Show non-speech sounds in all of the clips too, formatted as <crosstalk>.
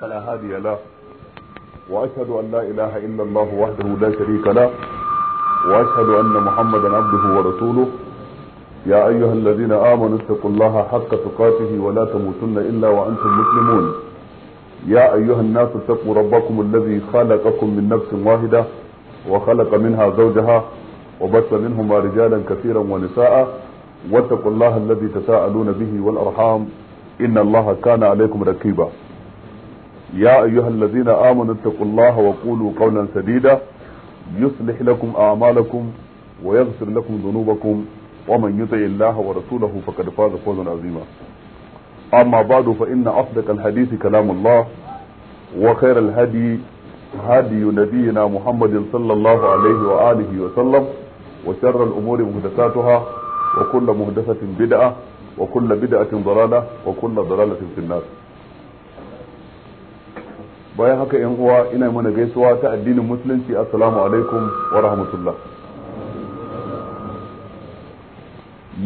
فلا هادي له واشهد ان لا اله الا الله وحده لا شريك له واشهد ان محمدا عبده ورسوله يا ايها الذين امنوا اتقوا الله حق تقاته ولا تموتن الا وانتم مسلمون يا ايها الناس اتقوا ربكم الذي خلقكم من نفس واحده وخلق منها زوجها وبث منهما رجالا كثيرا ونساء واتقوا الله الذي تساءلون به والارحام ان الله كان عليكم رقيبا يا أيها الذين آمنوا اتقوا الله وقولوا قولا سديدا يصلح لكم أعمالكم ويغفر لكم ذنوبكم ومن يطع الله ورسوله فقد فاز فوزا عظيما أما بعد فإن أصدق الحديث كلام الله وخير الهدي هدي نبينا محمد صلى الله عليه وآله وسلم وشر الأمور محدثاتها وكل محدثة بدعة وكل بدعة ضلالة وكل ضلالة في الناس bayan haka yan uwa ina mana gaisuwa ta addinin musulunci assalamu alaikum wa rahmatullah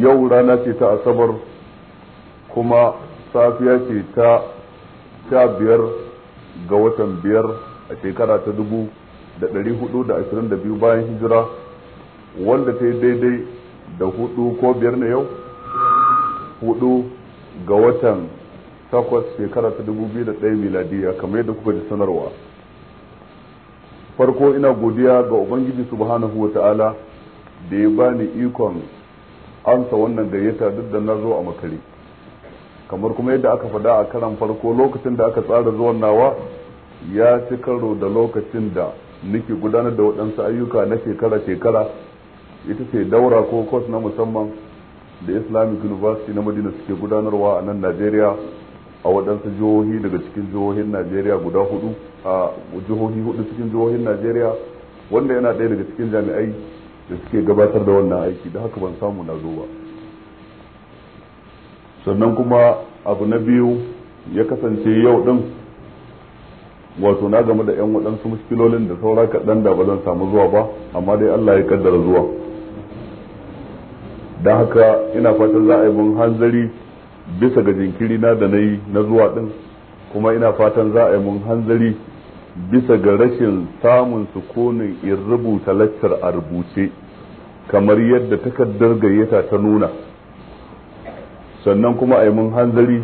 yau rana ce ta asabar kuma safiya ce ta sha biyar ga watan biyar a shekara ta dubu da ɗari hudu da ashirin da biyu bayan hijira wanda ta yi daidai da hudu ko biyar na yau hudu ga watan takwas shekara ta dubu biyu da ɗaya miladiya kamar yadda kuka ji sanarwa farko ina godiya ga ubangiji subhanahu wa ta'ala da ya bani ikon amsa wannan gayyata duk da na zo a makare kamar kuma yadda aka faɗa a karan farko lokacin da aka tsara zuwan nawa ya ci karo da lokacin da nake gudanar da waɗansu ayyuka na shekara-shekara ita ce daura ko kwas na musamman da islamic university na madina suke gudanarwa a nan najeriya a waɗansu jihohi daga cikin jihohin najeriya guda hudu a jihohi hudu cikin jihohin najeriya wanda yana ɗaya daga cikin jami'ai da suke gabatar da wannan aiki da haka ban samu na zo ba sannan kuma abu na biyu ya kasance yau ɗin wato na game da 'yan waɗansu muskilolin da saura kaɗan da ba zan samu zuwa ba amma dai allah ya kaddara zuwa don haka ina fatan za a yi mun hanzari bisa ga jinkiri na da na yi na zuwa din kuma ina fatan za a yi mun hanzari bisa ga rashin samun sukunin in rubuta laccar a rubuce kamar yadda takardar gayyata ta nuna sannan kuma a yi mun hanzari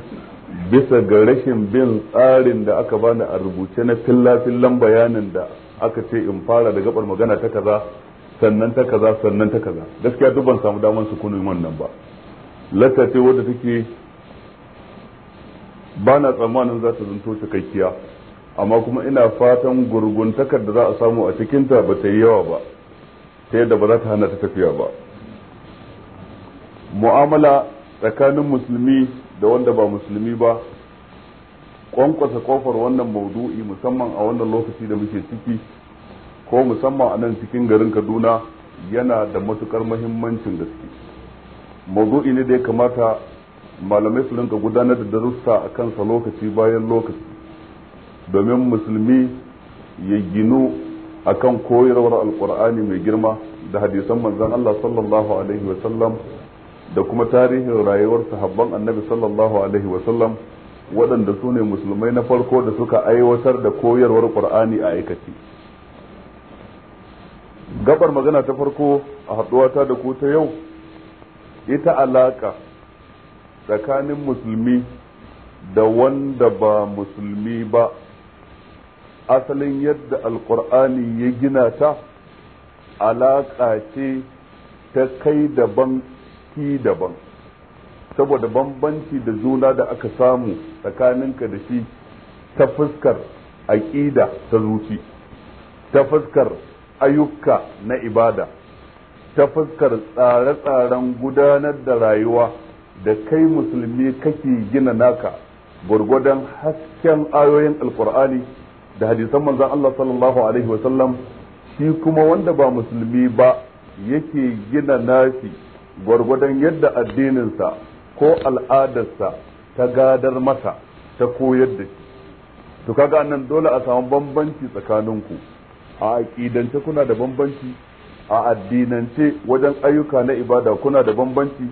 bisa ga rashin bin tsarin da aka bani a rubuce na fillafillan bayanin da aka ce in fara da gabar magana ta kaza sannan ta kaza sannan ta kaza gaskiya duk ban samu daman sukunin wannan ba lakace wadda take ba na tsammanin za ta zanto cikakkiya amma kuma ina fatan gurguntakar da za a samu a cikinta ba ta yi yawa ba ta yadda ba za ta hana ta tafiya ba mu'amala tsakanin musulmi da wanda ba musulmi ba ƙwanƙwasa ƙofar wannan maudu'i musamman a wannan lokaci da muke ciki ko musamman a nan cikin garin kaduna yana da matukar muhimmancin gaske maudu'i ne da ya kamata malamai su rinka gudanar da darussa a kansa lokaci bayan lokaci domin musulmi ya ginu a kan koyarwar alkur'ani mai girma da hadisan manzan Allah sallallahu alaihi wasallam da kuma tarihin rayuwar sahabban annabi sallallahu alaihi wasallam waɗanda su ne musulmai na farko da suka aiwatar da koyarwar ƙur'ani a aikaci. gabar magana ta farko a ta da ku ta yau ita alaƙa tsakanin musulmi da wanda ba musulmi ba asalin yadda alkur'ani ya gina ta alaƙa ce ta kai daban ki daban saboda bambanci da juna da aka samu tsakaninka da shi ta fuskar aƙida ta zuci ta fuskar ayyuka na ibada ta fuskar tsare-tsaren gudanar da rayuwa da kai musulmi kake gina naka gurgudan hasken ayoyin alkur'ani da hadisan manzon Allah sallallahu alaihi wasallam shi kuma wanda ba musulmi ba yake gina nashi gwargwadon yadda addininsa ko al'adarsa ta gadar masa ta koyar da shi to kaga nan dole a samu bambanci tsakaninku a aqidance kuna da bambanci a addinance wajen ayyuka na ibada kuna da bambanci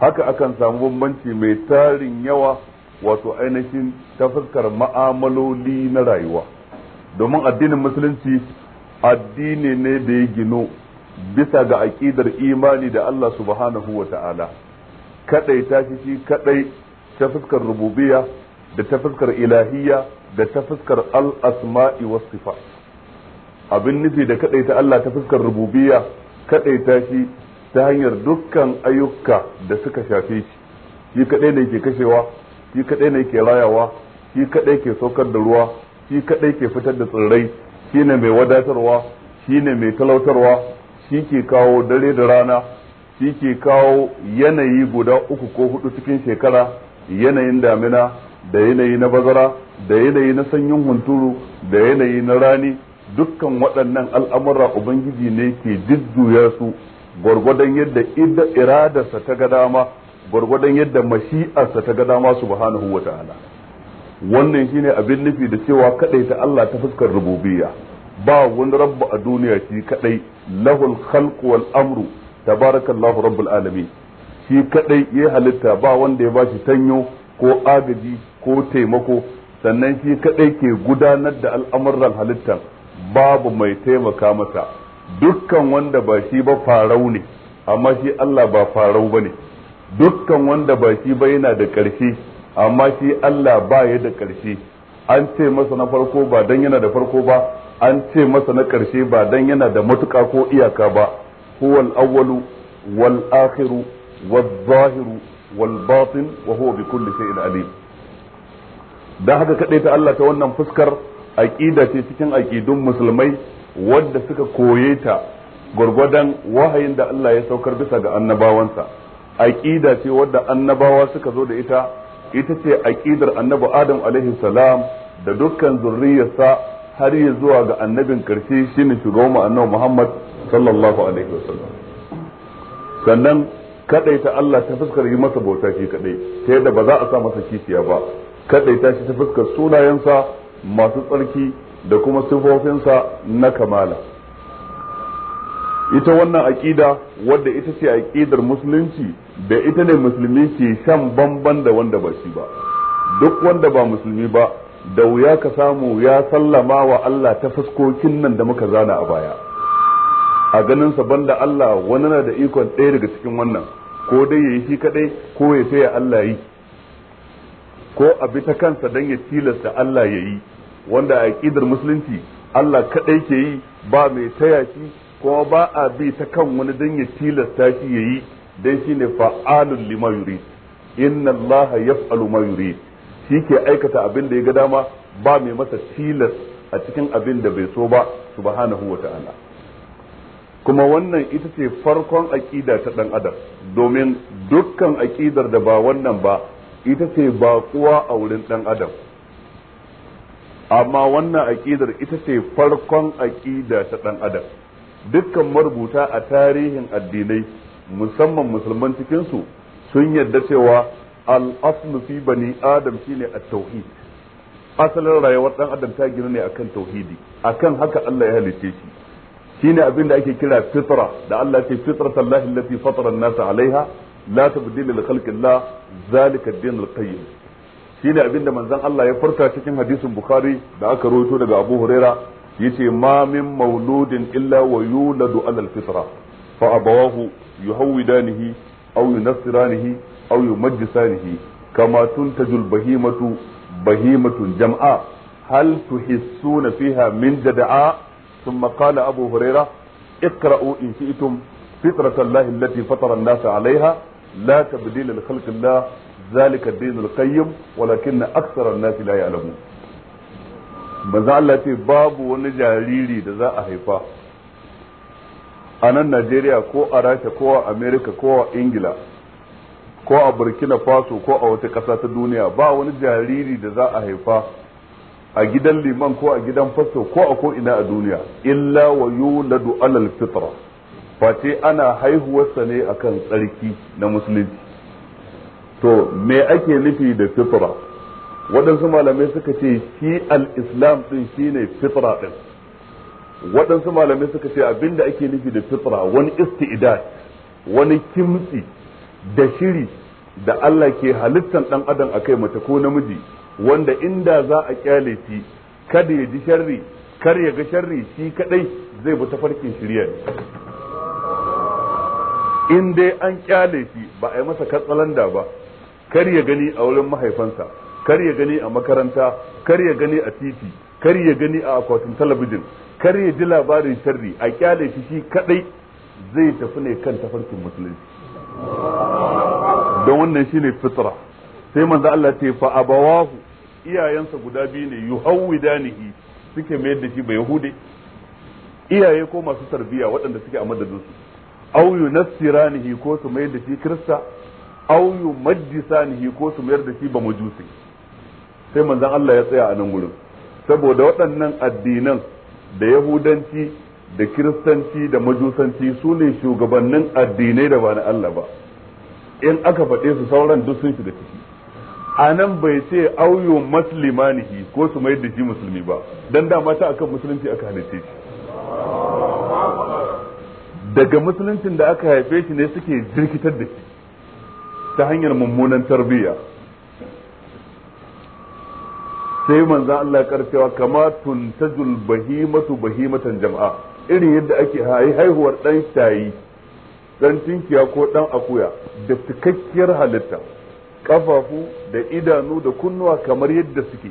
haka akan samu bambanci mai tarin yawa wato ainihin ta fuskar ma'amaloli na rayuwa domin addinin musulunci addini ne da ya gino bisa ga aƙidar imani da Allah subhanahu wa ta'ala kadai ta shi kadai ta fuskar rububiya da ta fuskar ilahiyya da ta fuskar al'asma'i wa sifa abin nufi da kadai ta Allah ta fuskar rububiya kadai ta shi ta hanyar dukkan ayyuka da suka shafe shi shi kadai ne ke kashewa shi kadai ne ke rayawa shi kadai ke saukar da ruwa shi kadai ke fitar da tsirrai shi ne mai wadatarwa shi ne mai talautarwa shi ke kawo dare da rana shi ke kawo yanayi guda uku ko hudu cikin shekara yanayin damina da yanayi na bazara da yanayi na sanyin hunturu da yanayi na rani dukkan waɗannan al'amura ubangiji ne ke jujjuya su gwargwadon yadda iradarsa ta ga dama gwargwadon yadda mashi'arsa ta ga dama subhanahu wa ta'ala wannan shine abin nufi da cewa kadai ta Allah ta fuskar rububiyya ba wani rabbu a duniya shi kadai lahul khalq wal amru tabarakallahu rabbul alamin shi kadai ya halitta ba wanda ya bashi tanyo ko agaji ko taimako sannan shi kadai ke gudanar da al'amuran halittar babu mai taimaka masa dukkan wanda ba shi ba farau ne amma shi Allah ba farau bane dukkan wanda ba shi ba yana da ƙarshe amma shi Allah ba ya da ƙarshe an ce masa na farko ba dan yana da farko ba an ce masa na ƙarshe ba dan yana da matuƙa ko iyaka ba huwal awwalu wal akhiru wal zahiru wal batin wa huwa bi kulli shay'in alim dan haka kadai ta Allah ta wannan fuskar aqida ce cikin aqidun musulmai wadda suka koye ta gwargwadon wahayin da Allah ya saukar bisa ga annabawansa aqida ce wadda annabawa suka zo da ita ita ce aqidar annabi Adam alaihi salam da dukkan zurriyarsa har ya zuwa ga annabin karshe shine shugaban annabi Muhammad sallallahu alaihi wasallam sannan kadaita Allah ta fuskar yi masa bauta shi kadai ta yadda ba za a sa masa kisiya ba kadaita shi ta fuskar sunayensa masu tsarki da kuma sifofinsa na kamala ita wannan aƙida wadda ita ce aƙidar musulunci da ita ne musulmi ke shan bamban da wanda ba shi ba duk wanda ba musulmi ba da wuya ka samu ya sallama wa Allah ta fuskokin nan da muka zana a baya a ganin sa banda Allah wani na da ikon ɗaya daga cikin wannan ko dai yayi shi kaɗai, ko ya sai Allah yi ko a bi ta kansa dan ya tilasta Allah ya yi wanda a ƙidar musulunci Allah kaɗai ke yi ba mai taya shi kuma ba a bi ta kan wani dan ya tilasta shi ya yayi dan shi ne lima yurid inna Allah ya ma yurid shi ke aikata abin da ya ga dama ba mai masa tilas a cikin abin da bai so ba subhanahu wa ta'ala kuma wannan ita ce farkon aƙida ta ɗan adam domin dukkan aƙidar da ba wannan ba ita ce baƙuwa a wurin ɗan adam amma wannan aƙidar ita ce farkon aƙida ta ɗan adam dukkan marubuta a tarihin addinai musamman musulman cikinsu sun yarda cewa al-aslu fi bani adam shine at-tauhid asalin rayuwar ɗan adam ta gina ne akan tauhidi akan haka Allah ya halice shi shine abin da ake kira fitra da Allah ya ce allahi allati fatara an-nasa alaiha la tabdila li khalqillah zalika ad-din al-qayyim shine abinda manzon Allah ya furta cikin hadisin bukhari da aka rawaito daga abu huraira yace ma min mauludin illa wa yuladu ala alfitra fa abawahu yuhawidanihi aw yunasiranihi aw yumajjisanihi kama tuntajul bahimatu bahimatun jam'a hal tuhissuna fiha min jada'a ثم قال أبو هريرة اقرأوا إن شئتم فطرة الله التي فطر الناس عليها لا تبديل لخلق الله zalika dinul qayyim walakin aktsara an-nasi la ya'lamun Allah ce babu wani jariri da za a haifa a nan Najeriya ko a Rasha ko a Amerika ko a Ingila ko a Burkina Faso ko a wata ƙasa ta duniya ba wani jariri da za a haifa a gidan liman ko a gidan fasto ko a ko ina a duniya illa wa yuladu alal fitra face ana haihuwarsa ne akan tsarki na musulunci to me ake nufi da fitra waɗansu malamai suka ce shi al-islam din shine fitra din waɗansu malamai suka ce abinda ake nufi da fitra wani isti'dad wani kimtsi da shiri da Allah ke halittan dan adam akai mace ko namiji wanda inda za a kyale shi kada ya ji sharri kar ya ga sharri shi kadai zai bi farkin shirya in dai an kyale shi ba a yi masa katsalanda ba kar ya gani a wurin mahaifansa kar ya gani a makaranta kar ya gani a titi kar ya gani a akwatin talabijin kar ya ji labarin sharri a kyale shi shi kadai zai tafi ne kan tafarkin musulunci don wannan shine fitra sai manzo Allah ce fa abawahu iyayensa guda biyu ne yuhawidanihi suke mayar da shi ba yahude iyaye ko masu tarbiya waɗanda suke a madadin su yunassiranihi ko su mayar da shi kirista au yumaddisanihi ko su mayar da shi ba majusi sai manzon Allah ya tsaya a nan gurin saboda waɗannan addinan da yahudanci da kiristanci da majusanci su ne shugabannin addinai da ba na Allah ba in aka faɗe su sauran duk sun shiga ciki a nan bai ce auyo muslimanihi ko su mayar da shi musulmi ba dan dama ta akan musulunci aka halitta shi daga musuluncin da aka haife shi ne suke jirkitar da shi ta hanyar mummunan tarbiyya sai manzan Allah karfewa kama tuntajul bahimatu bahimatan jama'a irin yadda ake haihuwar dan shayi dan tinkiya ko ɗan akuya da cikakkiyar halitta Ƙafafu da idanu da kunnuwa kamar yadda suke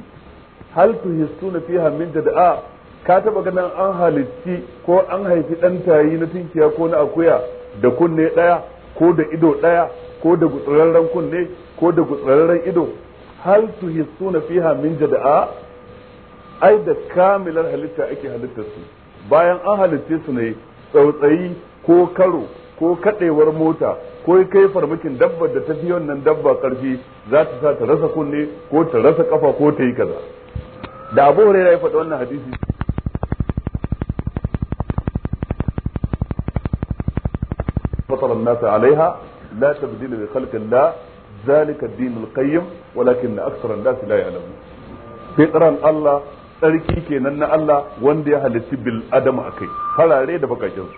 hal tuhissuna fiha da da'a ka taba ganin an halitti ko an haifi dan tayi na tinkiya ko na akuya da kunne ɗaya ko da ido ɗaya? ko da ran kunne ko da ran ido hal tuhissuna fiha min jada'a ai da kamilar halitta ake halittar su bayan an halitte su ne tsautsayi ko karo ko kadewar mota ko kai farmakin dabbar da ta fi wannan dabba karfi za ta sa ta rasa kunne ko ta rasa kafa ko ta yi kaza da abu hurairah ya faɗi wannan hadisi fatara nasa alaiha la تبديل لخلق الله ذلك الدين القيم ولكن qayyim الناس لا an في قران الله fitran Allah tsarki kenan na Allah wanda ya halitti bil adam akai farare da bakakin su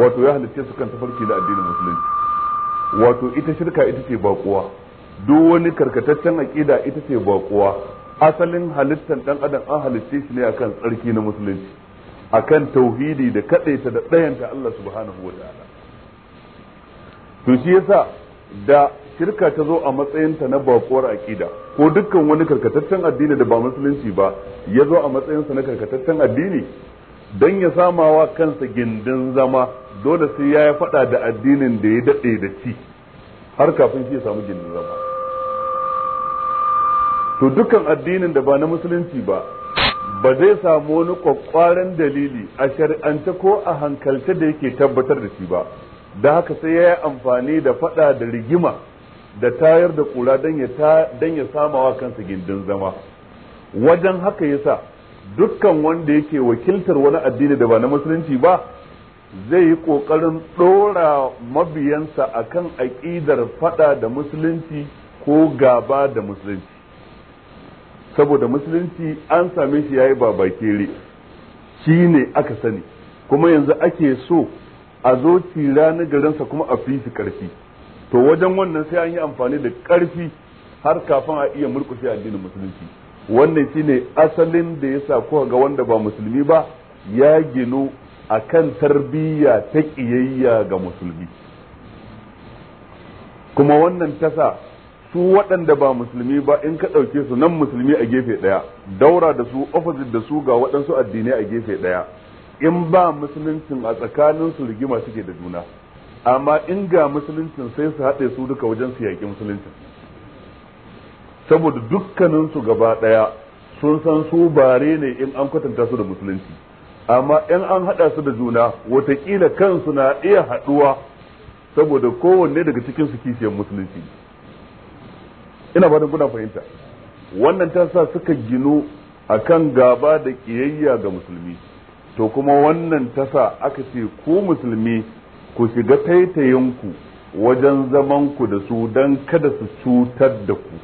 wato ya halitte su kan tafarki da addinin musulunci wato ita shirka ita ce bakuwa duk wani karkataccen aqida ita ce bakuwa asalin halittan dan adam an halitte shi ne akan tsarki na musulunci akan tauhidi da kadaita da dayanta Allah subhanahu wa ta'ala to shi yasa da shirka ta zo a matsayinta na bakuwar akida ko dukkan wani karkataccen addini da ba musulunci ba ya zo a matsayinsa na karkataccen addini don ya samawa kansa gindin zama dole sai ya faɗa da addinin da ya daɗe da ci har kafin shi ya samu gindin zama to dukkan addinin da ba na musulunci ba ba zai samu wani kwakwaran dalili a shari'ance ko a hankalce da yake tabbatar da shi ba da haka sai ya yi amfani da fada da rigima da tayar da kura don ya samawa wa kansa gindin zama wajen haka yasa dukkan wanda yake wakiltar wani addini da ba na musulunci ba zai yi ƙoƙarin ɗora mabiyansa a kan aƙidar fada da musulunci ko gaba da musulunci saboda musulunci an same shi yayi babakere shi ne aka sani kuma yanzu ake so a zo ki ranar garinsa kuma a fifi shi karfi to wajen wannan sai an yi amfani da ƙarfi har kafin a iya murkushe addinin musulunci wannan shine asalin da ya sa kuka ga wanda ba musulmi ba ya ginu kan tarbiyya ta ƙiyayya ga musulmi kuma wannan tasa su waɗanda ba musulmi ba in ka ɗauke su nan musulmi a gefe ɗaya daura da su ofisit da su ga waɗansu addinai a gefe ɗaya in ba musuluncin a tsakanin su rigima suke da juna amma in ga musuluncin sai su haɗe su duka wajen su yaƙi musuluncin saboda dukkanin su gaba ɗaya sun san su bare ne in an kwatanta su da musulunci amma in an haɗa su da juna watakila kansu na iya haɗuwa saboda kowanne daga cikin su kishiyar musulunci ina da kuna fahimta wannan ta sa suka ginu akan gaba da ƙiyayya ga musulmi to kuma wannan tasa aka ce ku musulmi ku shiga taitayinku wajen zamanku da su don kada su cutar da ku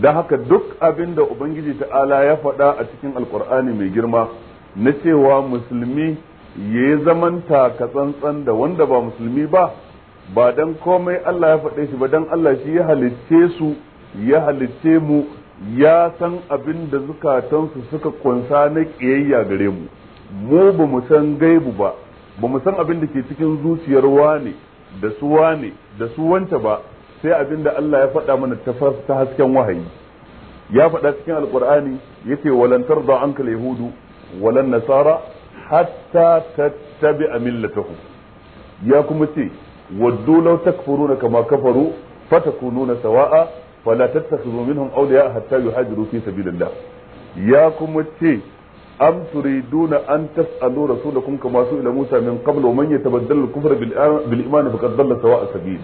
don haka duk abin da ubangiji ta'ala ya faɗa a cikin alkur'ani mai girma na cewa musulmi ya yi zamanta ka tsantsan da wanda ba musulmi ba ba don komai allah ya faɗe shi ba don allah shi ya halicce su ya halicce mu ya san abin da zukatansu suka kunsa na ƙiyayya gare mu mu ba mu san gaibu ba ba mu san abin da ke cikin zuciyar wane da su wane da su wanta ba sai abin da Allah ya faɗa mana ta hasken wahayi ya faɗa cikin alkur'ani yace walantar tarda anka yahudu walan nasara hatta tattabi'a millatahum ya kuma ce waddu law na kama kafaru na sawa'a fala tattakhidhu minhum awliya hatta yuhajiru fi sabilillah ya kuma ce am turiduna an tas'alu rasulakum kama su ila Musa min qabl wa man yatabaddalu al-kufra bil iman faqad dalla sawa'a sabil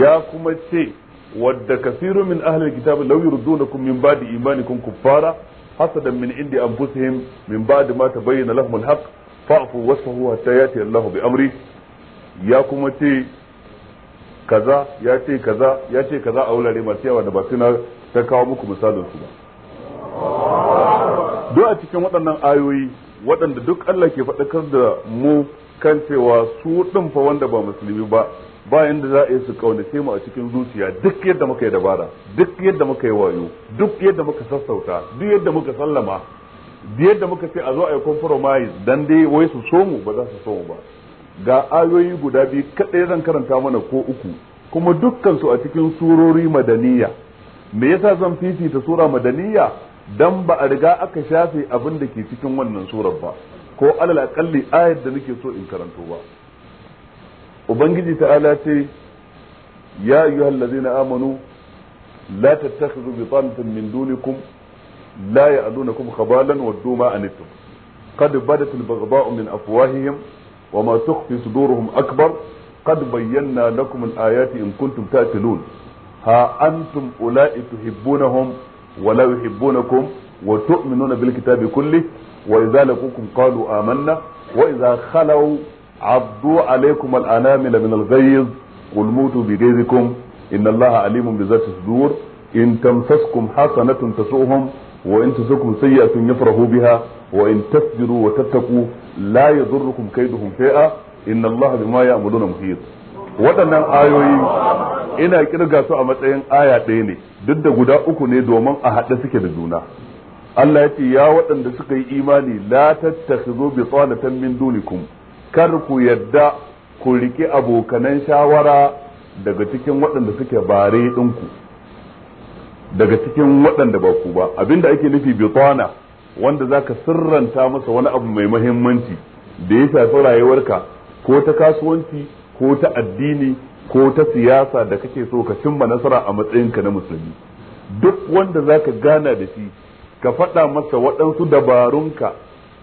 ya kuma ce wadda kasiru min ahli al-kitab law yurdunakum min ba'di imanikum kuffara hasadan min indi anfusihim min ba'di ma tabayyana lahum al-haqq fa'fu wasfahu hatta yati Allah bi amri ya kuma ce kaza ya ce kaza ya ce kaza a wurare masu yawa da ba suna ta kawo muku misalin su ba duk a cikin waɗannan ayoyi waɗanda duk Allah ke faɗakar da mu kan cewa su ɗin fa wanda ba musulmi ba ba yanda za a yi su kaunace mu a cikin zuciya duk yadda muka yi dabara duk yadda muka yi wayo duk yadda muka sassauta duk yadda muka sallama duk yadda muka ce a zo a yi compromise dan dai wai su so mu ba za su so mu ba ga ayoyi guda biyu kaɗai zan karanta mana ko uku kuma dukkan su a cikin surori madaniya me yasa zan fifita sura madaniya dan ba a riga aka shafe abin da ke cikin wannan surar ba ko alal akalli ayar da nake so in karanto ba ubangiji ta'ala ce ya ayyuhal ladzina amanu la tattakhidhu bitanatan min dunikum la ya'dunukum khabalan bada ma anittum qad badat al-baghdha'u min afwahihim وما تخفي صدورهم أكبر قد بينا لكم الآيات in كنتم تأكلون ها أنتم أولئك تحبونهم ولا يحبونكم وتؤمنون بالكتاب كله وإذا لقوكم قالوا آمنا وإذا خلوا عضوا عليكم الأنامل من الغيظ قل موتوا بغيظكم إن الله عليم بذات الصدور إن تمسسكم حسنة تسؤهم وإن تسؤكم سيئة يفرحوا بها وإن تصبروا وتتقوا لا يضركم كيدهم شيئا إن الله بما يعملون محيط waɗannan ayoyi ina kirga su a matsayin aya ɗaya ne duk da guda uku ne domin a haɗe suke da juna Allah ya ce ya waɗanda suka yi imani la tattakhizu bi salatan min dunikum kar ku yadda ku rike abokanan shawara daga cikin waɗanda suke bare ɗinku daga cikin waɗanda ba ku ba abinda ake nufi bi tsana wanda zaka sirranta masa wani abu mai muhimmanci da ya shafi rayuwarka ko ta kasuwanci ko ta addini ko ta siyasa da kake so ka cimma nasara a matsayinka na musulmi duk wanda zaka gana da shi ka faɗa masa waɗansu dabarunka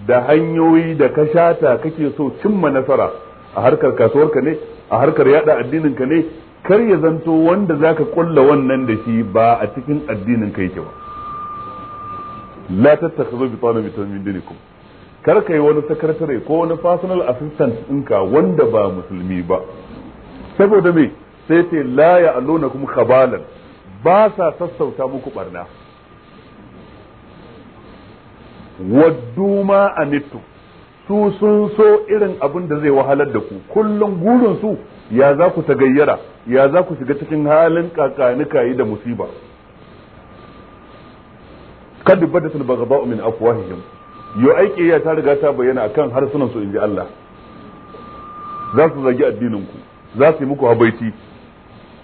da hanyoyi da ka shata kake so cimma nasara a harkar kasuwarka ne a harkar yada addininka ne kar ya zanto wanda zaka kulla wannan da shi ba a cikin addinin ka yake ba la tattakhudhu bi tanabi min dinikum kar ka yi wani sakatare ko wani personal assistant ɗinka wanda ba musulmi ba saboda me sai ce la ya nuna kuma khabalan ba sa sassauta muku barna waddu a anittu su sun so irin abin da zai wahalar da ku kullum gurin su ya za ku ta gayyara? ya za ku shiga cikin halin kakanika yi da musiba kad badatul baghadha'u min afwahihim yau aiki ya ta riga ta bayyana akan harsunan su inji Allah za su zagi addinin ku za su yi muku habaiti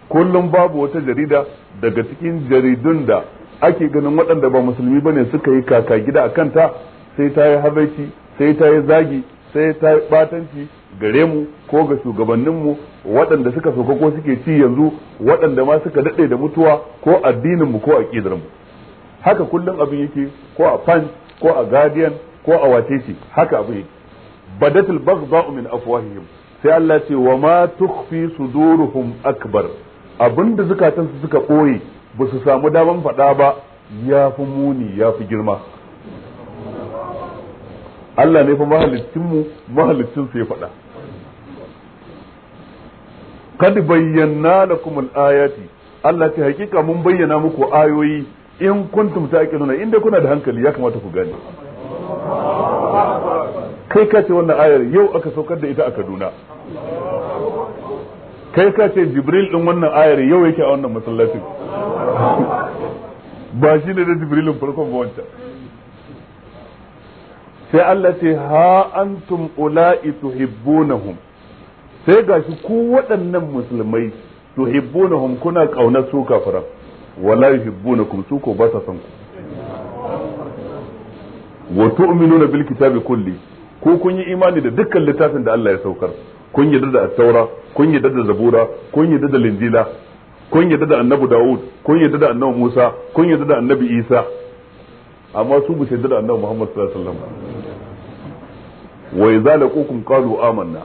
kullum babu wata jarida daga cikin jaridun da ake ganin waɗanda ba musulmi ba ne suka yi kaka gida kan ta sai ta yi habaiti sai ta yi zagi sai ta yi batanci gare mu ko ga shugabanninmu waɗanda suka sauka ko suke ci yanzu waɗanda ma suka daɗe da mutuwa ko addinin mu ko a mu haka kullum abin yake ko a fan ko a guardian ko a ce haka abu yake badatul baghdha'u min afwahihim sai Allah ce wa ma tukhfi suduruhum akbar abinda su suka koyi ba su samu daman faɗa ba ya fi muni ya fi girma Allah ne fa mu mahalicin su ya faɗa kad bayyana lakum al-ayati Allah ce hakika mun bayyana muku ayoyi in kuntum taqiluna inda kuna da hankali ya kamata ku gane kai ka ce wannan ayar yau aka saukar da ita a Kaduna kai ka ce Jibril din wannan ayar yau yake a wannan masallacin ba shi ne da Jibrilin farkon ba wancan sai Allah ce ha antum ula'i tuhibbunahum sai gashi ku waɗannan musulmai tuhibbunahum kuna kauna su kafiran wala yuhibbunakum su ko ba sa son ku wa tu'minuna bil kitabi kulli ko kun yi imani da dukkan littafin da Allah ya saukar kun yi da at-taura kun yi da zabura kun yi da linjila kun yi da annabi da'ud kun yi da annabi Musa kun yi da annabi Isa amma su bu yarda da annabi Muhammad sallallahu alaihi wasallam wa idza laqukum qalu amanna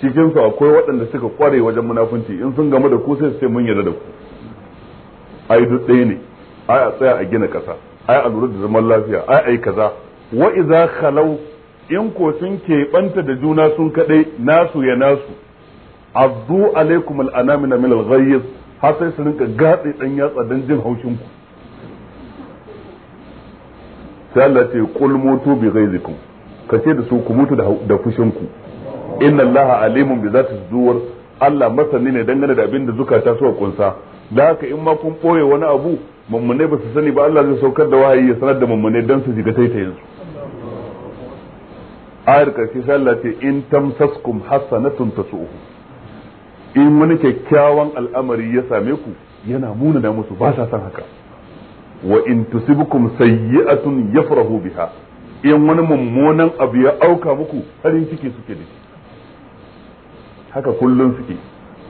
cikin su akwai waɗanda suka kware wajen munafunci in sun game da ku sai su ce mun yarda da ku ai duk ɗaya ne ai a tsaya a gina ƙasa ai a lura da zaman lafiya ai ai kaza wa iza khalau in ko sun keɓanta da juna sun kaɗai nasu ya nasu abdu alaikum al'anamina min al-ghayz har sai su rinka gatsi dan yatsa dan jin haushin ku sai Allah ce qul mutu bi ghayzikum kace da su ku mutu da fushin ku inna allaha alimun bi zati zuwar Allah masani ne dangane da abin da zukata suwa kunsa da haka in ma kun ɓoye wani abu mummune ba su sani ba Allah zai saukar da wahayi ya sanar da mummune don su jiga taitayin su ayar karshe sai Allah ce in tamsaskum hasanatun tasu'uhu in wani kyakkyawan al'amari ya same ku yana muna da musu ba sa san haka wa in tusibukum sayyi'atun yafrahu biha in wani mummunan abu ya auka muku harin ciki suke da shi haka kullun suke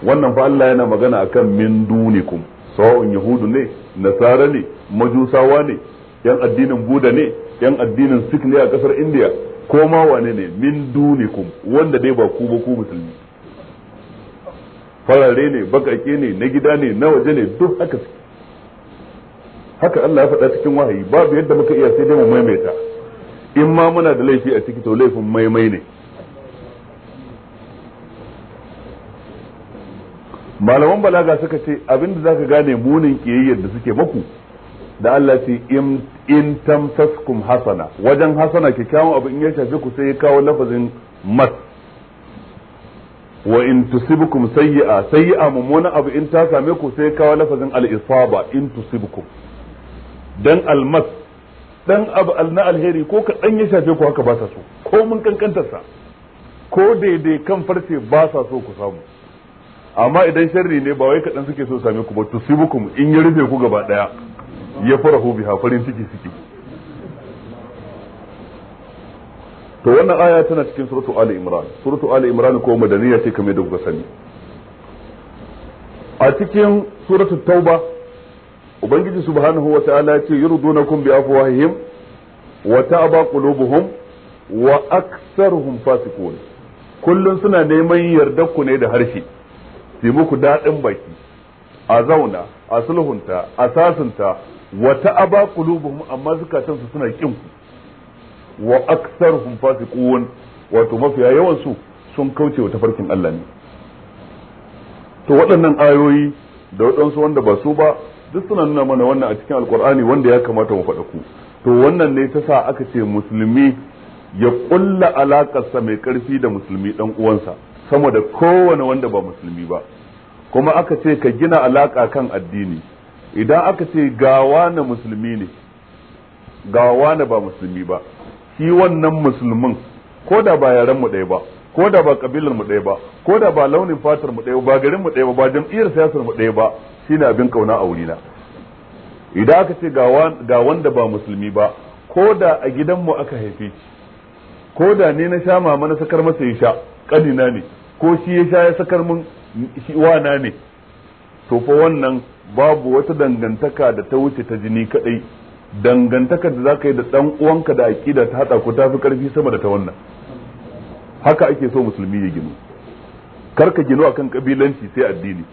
wannan fa Allah yana magana akan min dunikum sawa'un yahudu ne nasara ne majusawa ne yan addinin buda ne yan addinin sikh ne a kasar indiya ko ma wane ne min dunikum wanda dai ba ku ba ku musulmi farare ne bakake ne na gida ne na waje ne duk haka haka Allah ya faɗa cikin wahayi babu yadda muka iya sai dai mu maimaita in ma muna da laifi a ciki to laifin maimai ne malaman balaga suka ce abinda zaka gane munin kiyayyar da suke maku da Allah ce in tamsaskum hasana wajen hasana kyakkyawan abu in ya shafe ku sai ya kawo lafazin mas wa in tusibukum sayyi'a sayyi'a mummuna abu in ta same ku sai ya kawo lafazin al-isaba in tusibukum dan almas dan abu na alheri ko ka dan ya shafe ku haka ba ta so ko mun kankantar sa ko daidai kan farce ba sa so ku samu amma idan sharri ne ba wai kaɗan suke so same ku ba to sai muku in ya rufe ku gaba ɗaya ya farahu biha farin ciki suke. to wannan aya tana cikin suratu ali imran suratu ali imran ko madaniya ce kamar da kuka sani a cikin suratu tauba ubangiji subhanahu wa ta'ala ce yurdunakum bi afwahihim wa ta'aba qulubuhum wa aktsaruhum fasiqun kullun suna neman yardar ku ne da harshe su muku daɗin baki a zauna a sulhunta a sasunta wata aba kulubuhum amma zukatan su suna kin ku wa aktsarhum fasiqun wato mafiya yawan su sun kauce wa tafarkin Allah ne to waɗannan ayoyi da waɗansu wanda ba su ba duk suna nuna mana wannan a cikin alkur'ani wanda ya kamata mu faɗa ku to wannan ne ta sa aka ce musulmi ya ƙulla sa mai ƙarfi da musulmi dan uwansa sama da kowane wanda ba musulmi ba kuma aka ce ka gina alaka kan addini idan aka ce gawa na musulmi ne gawa na ba musulmi ba shi wannan musulmin ko da ba yaren mu ɗaya ba ko da ba kabilar mu ɗaya ba ko da ba launin fatar mu ɗaya ba garin mu ɗaya ba ba jam'iyyar siyasar mu ɗaya ba shine abin kauna a wurina idan aka ce ga wanda ba musulmi ba ko da a gidanmu aka haife shi ko da ne na sha mama na sakar masa ya sha kanina ne ko shi ya sha ya sakar mun wana ne to fa wannan babu wata dangantaka da ta wuce ta jini kadai dangantaka da zaka yi da dan uwanka da aqida ta hada ku tafi karfi sama da ta wannan haka ake so musulmi ya ginu karka ginu akan kabilanci sai addini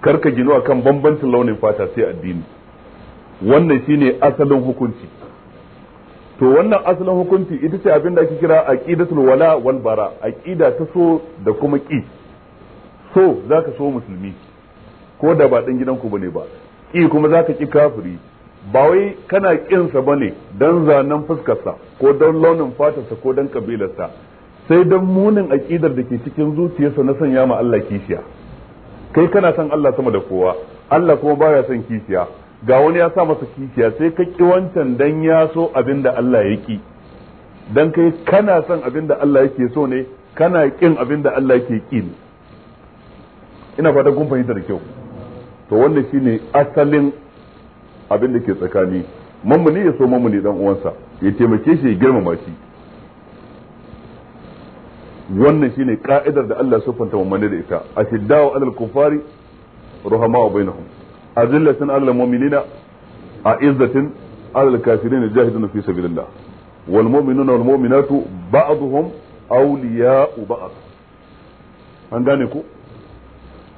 karka ginu akan bambancin launin fata sai addini wannan shine asalin hukunci to wannan asalin hukunci ita ce abin da ake kira aqidatul wala wal bara aqida ta so da kuma ki so za ka so musulmi ko da ba ɗan gidanku ba ne ba ƙi kuma za ka ƙi kafiri ba wai kana ƙinsa ba ne don zanen fuskarsa ko don launin fatarsa ko don ƙabilarsa sai don munin aƙidar da ke cikin zuciyarsa na sanya ma Allah kishiya kai kana son Allah sama da kowa Allah kuma baya son kishiya ga wani ya sa masa kishiya sai ka ƙi wancan dan ya so abin da Allah ya ƙi dan kai kana son abin da Allah yake so ne kana ƙin abin da Allah yake ƙi ne ina fata kun fahimta da kyau to wannan shine asalin abin da ke tsakani mamuni ya so mamuni dan uwansa ya taimake shi ya girmama shi wannan shine ka'idar da Allah siffanta mamuni da ita ashiddaw alal kufari ruhama bainahum azillatan alal mu'minina a'izzatin alal kafirin na fi sabilillah wal mu'minuna wal mu'minatu ba'dhum awliya'u ba'd an gane ku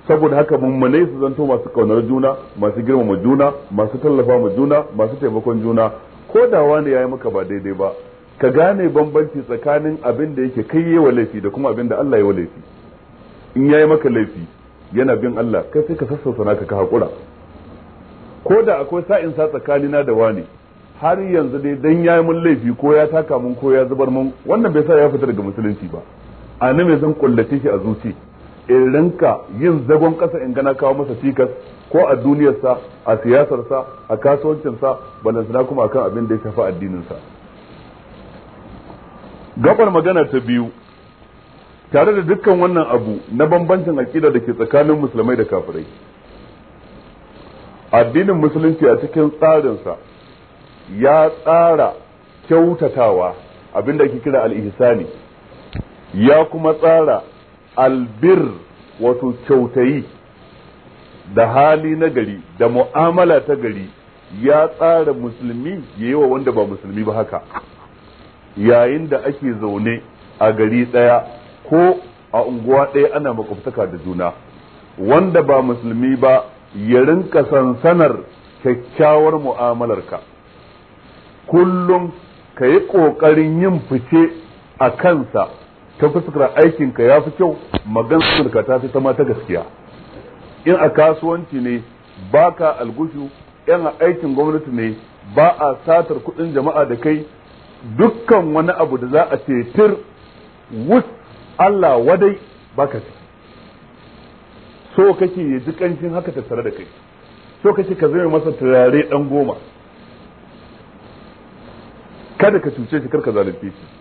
saboda haka mummunai su zanto masu kaunar juna masu girmama juna masu tallafa ma juna masu taimakon juna ko da wani yayi maka ba daidai ba ka gane bambanci tsakanin abin da yake kai yawa laifi da kuma abin da Allah yawa laifi in yayi maka laifi yana bin Allah kai sai ka sassauta naka ka hakura ko da akwai sa'in sa tsakanina da wani har yanzu dai dan yayi mun laifi ko ya taka mun ko ya zubar mun wannan bai sa ya fita daga musulunci ba a nan zan kullace shi a zuci in rinka yin zagon kasa in gana kawo masa cikas ko a duniyarsa a siyasarsa a kasuwancinsa balantana kuma akan abin da ya shafi addininsa gabar magana ta biyu tare da dukkan wannan abu na bambancin aƙida da ke tsakanin musulmai da kafirai addinin musulunci a cikin tsarinsa ya tsara kyautatawa abinda ake kira al'ihisani ya kuma tsara albir wato kyautayi da hali na gari da mu'amala ta gari ya tsara musulmi ya yi wa wanda ba musulmi ba haka yayin da ake zaune a gari ɗaya ko a unguwa ɗaya ana makwabtaka da juna wanda ba musulmi ba ya rinka sansanar kyakkyawar mu'amalarka kullum ka yi ƙoƙarin yin fice a kansa ta fuskar aikinka ya fi kyau maganarka ta fi sama ta gaskiya in a kasuwanci ne ba ka algushu yan a aikin gwamnati ne ba a satar kuɗin jama'a da kai dukkan wani abu da za a ce wut Allah wadai baka ci so kake ya ji kancin haka tattare da kai so kake ka zai masa turare dan goma kada ka cuce shi karka ka zalunce shi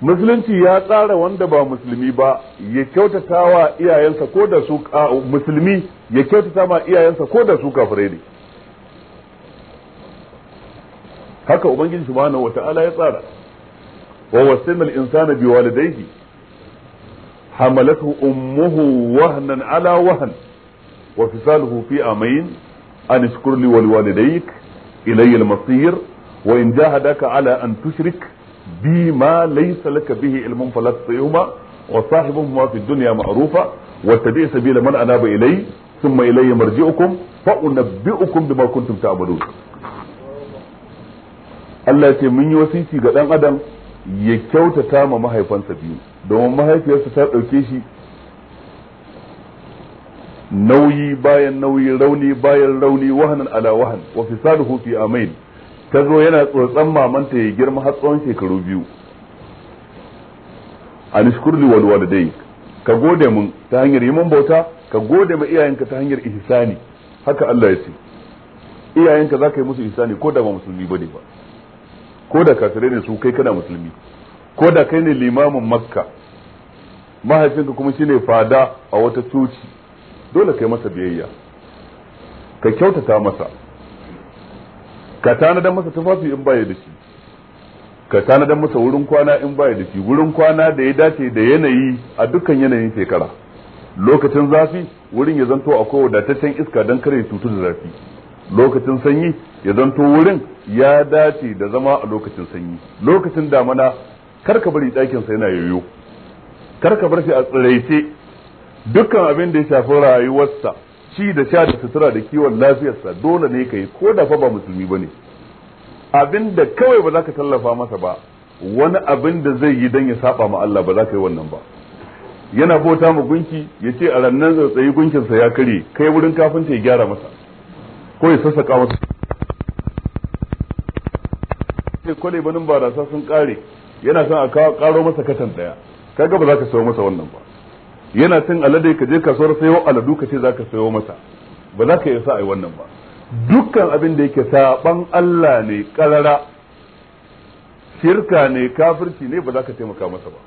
musulunci ya tsara wanda ba musulmi ba ya kyautata wa iyayensa ko da su musulmi ya kyautata ma iyayensa ko da su kafirai ne haka ubangiji subhanahu wata'ala ya tsara wa wasaina al-insana bi walidayhi hamalathu ummuhu wahnan ala wahn wa fisaluhu fi amayn an ishkur li wa ilayya al-masir wa in jahadaka ala an tushrik بما ليس لك به علم فلا تطيعهما وصاحبهما في الدنيا معروفا واتبع سبيل من اناب الي ثم الي مرجعكم فانبئكم بما كنتم تعملون Allah ce mun yi wasiki ga ɗan adam ya kyautata ma mahaifansa biyu domin mahaifiyarsa ta ɗauke shi nauyi bayan nauyi rauni bayan rauni wahanan ala wahan wa fisaluhu fi amain ta zo yana tsotsan mamanta ya girma har tsawon shekaru biyu a nishkurli walwal dai ka gode mun ta hanyar yi mun bauta ka gode ma iyayenka ta hanyar ihsani haka Allah ya ce iyayenka za ka yi musu ihsani ko da ba musulmi bane ba ko da kafirai ne su kai kana musulmi ko da kai ne limamin makka mahaifinka kuma shine fada a wata coci dole ka yi masa biyayya ka kyautata masa ka tanadan masa tufafi in baya da shi ka tanadan masa wurin kwana in baya da shi wurin kwana da ya dace da yanayi a dukkan yanayin shekara lokacin zafi wurin ya zanto akwai wadataccen iska don kare cutu da zafi lokacin sanyi ya zanto wurin ya dace da zama a lokacin sanyi lokacin damana ka bari sa yana yoyo Kar ka bar shi a tsiraice dukkan abin da ya shafi rayuwarsa ci da sha da sutura da kiwon lafiyarsa dole ne ka yi ko da fa ba musulmi bane. ne abin da kawai ba za ka tallafa masa ba wani abin da zai yi don ya saba ma Allah ba za ka yi wannan ba yana bauta mu gunki ya ce a rannan tsatsayi gunkinsa ya kare kai wurin kafinta ya gyara masa ko ya sassaƙa masa sai kwale banin barasa sun kare yana son a karo masa katan daya kaga ba za ka sayo masa wannan ba yana cin alade ka je kasuwar sayo aladu ka ce za ka sayo masa ba za ka iya sa yi wannan ba dukkan abin da yake saban Allah ne karara shirka ne kafirci ne ba za ka taimaka masa ba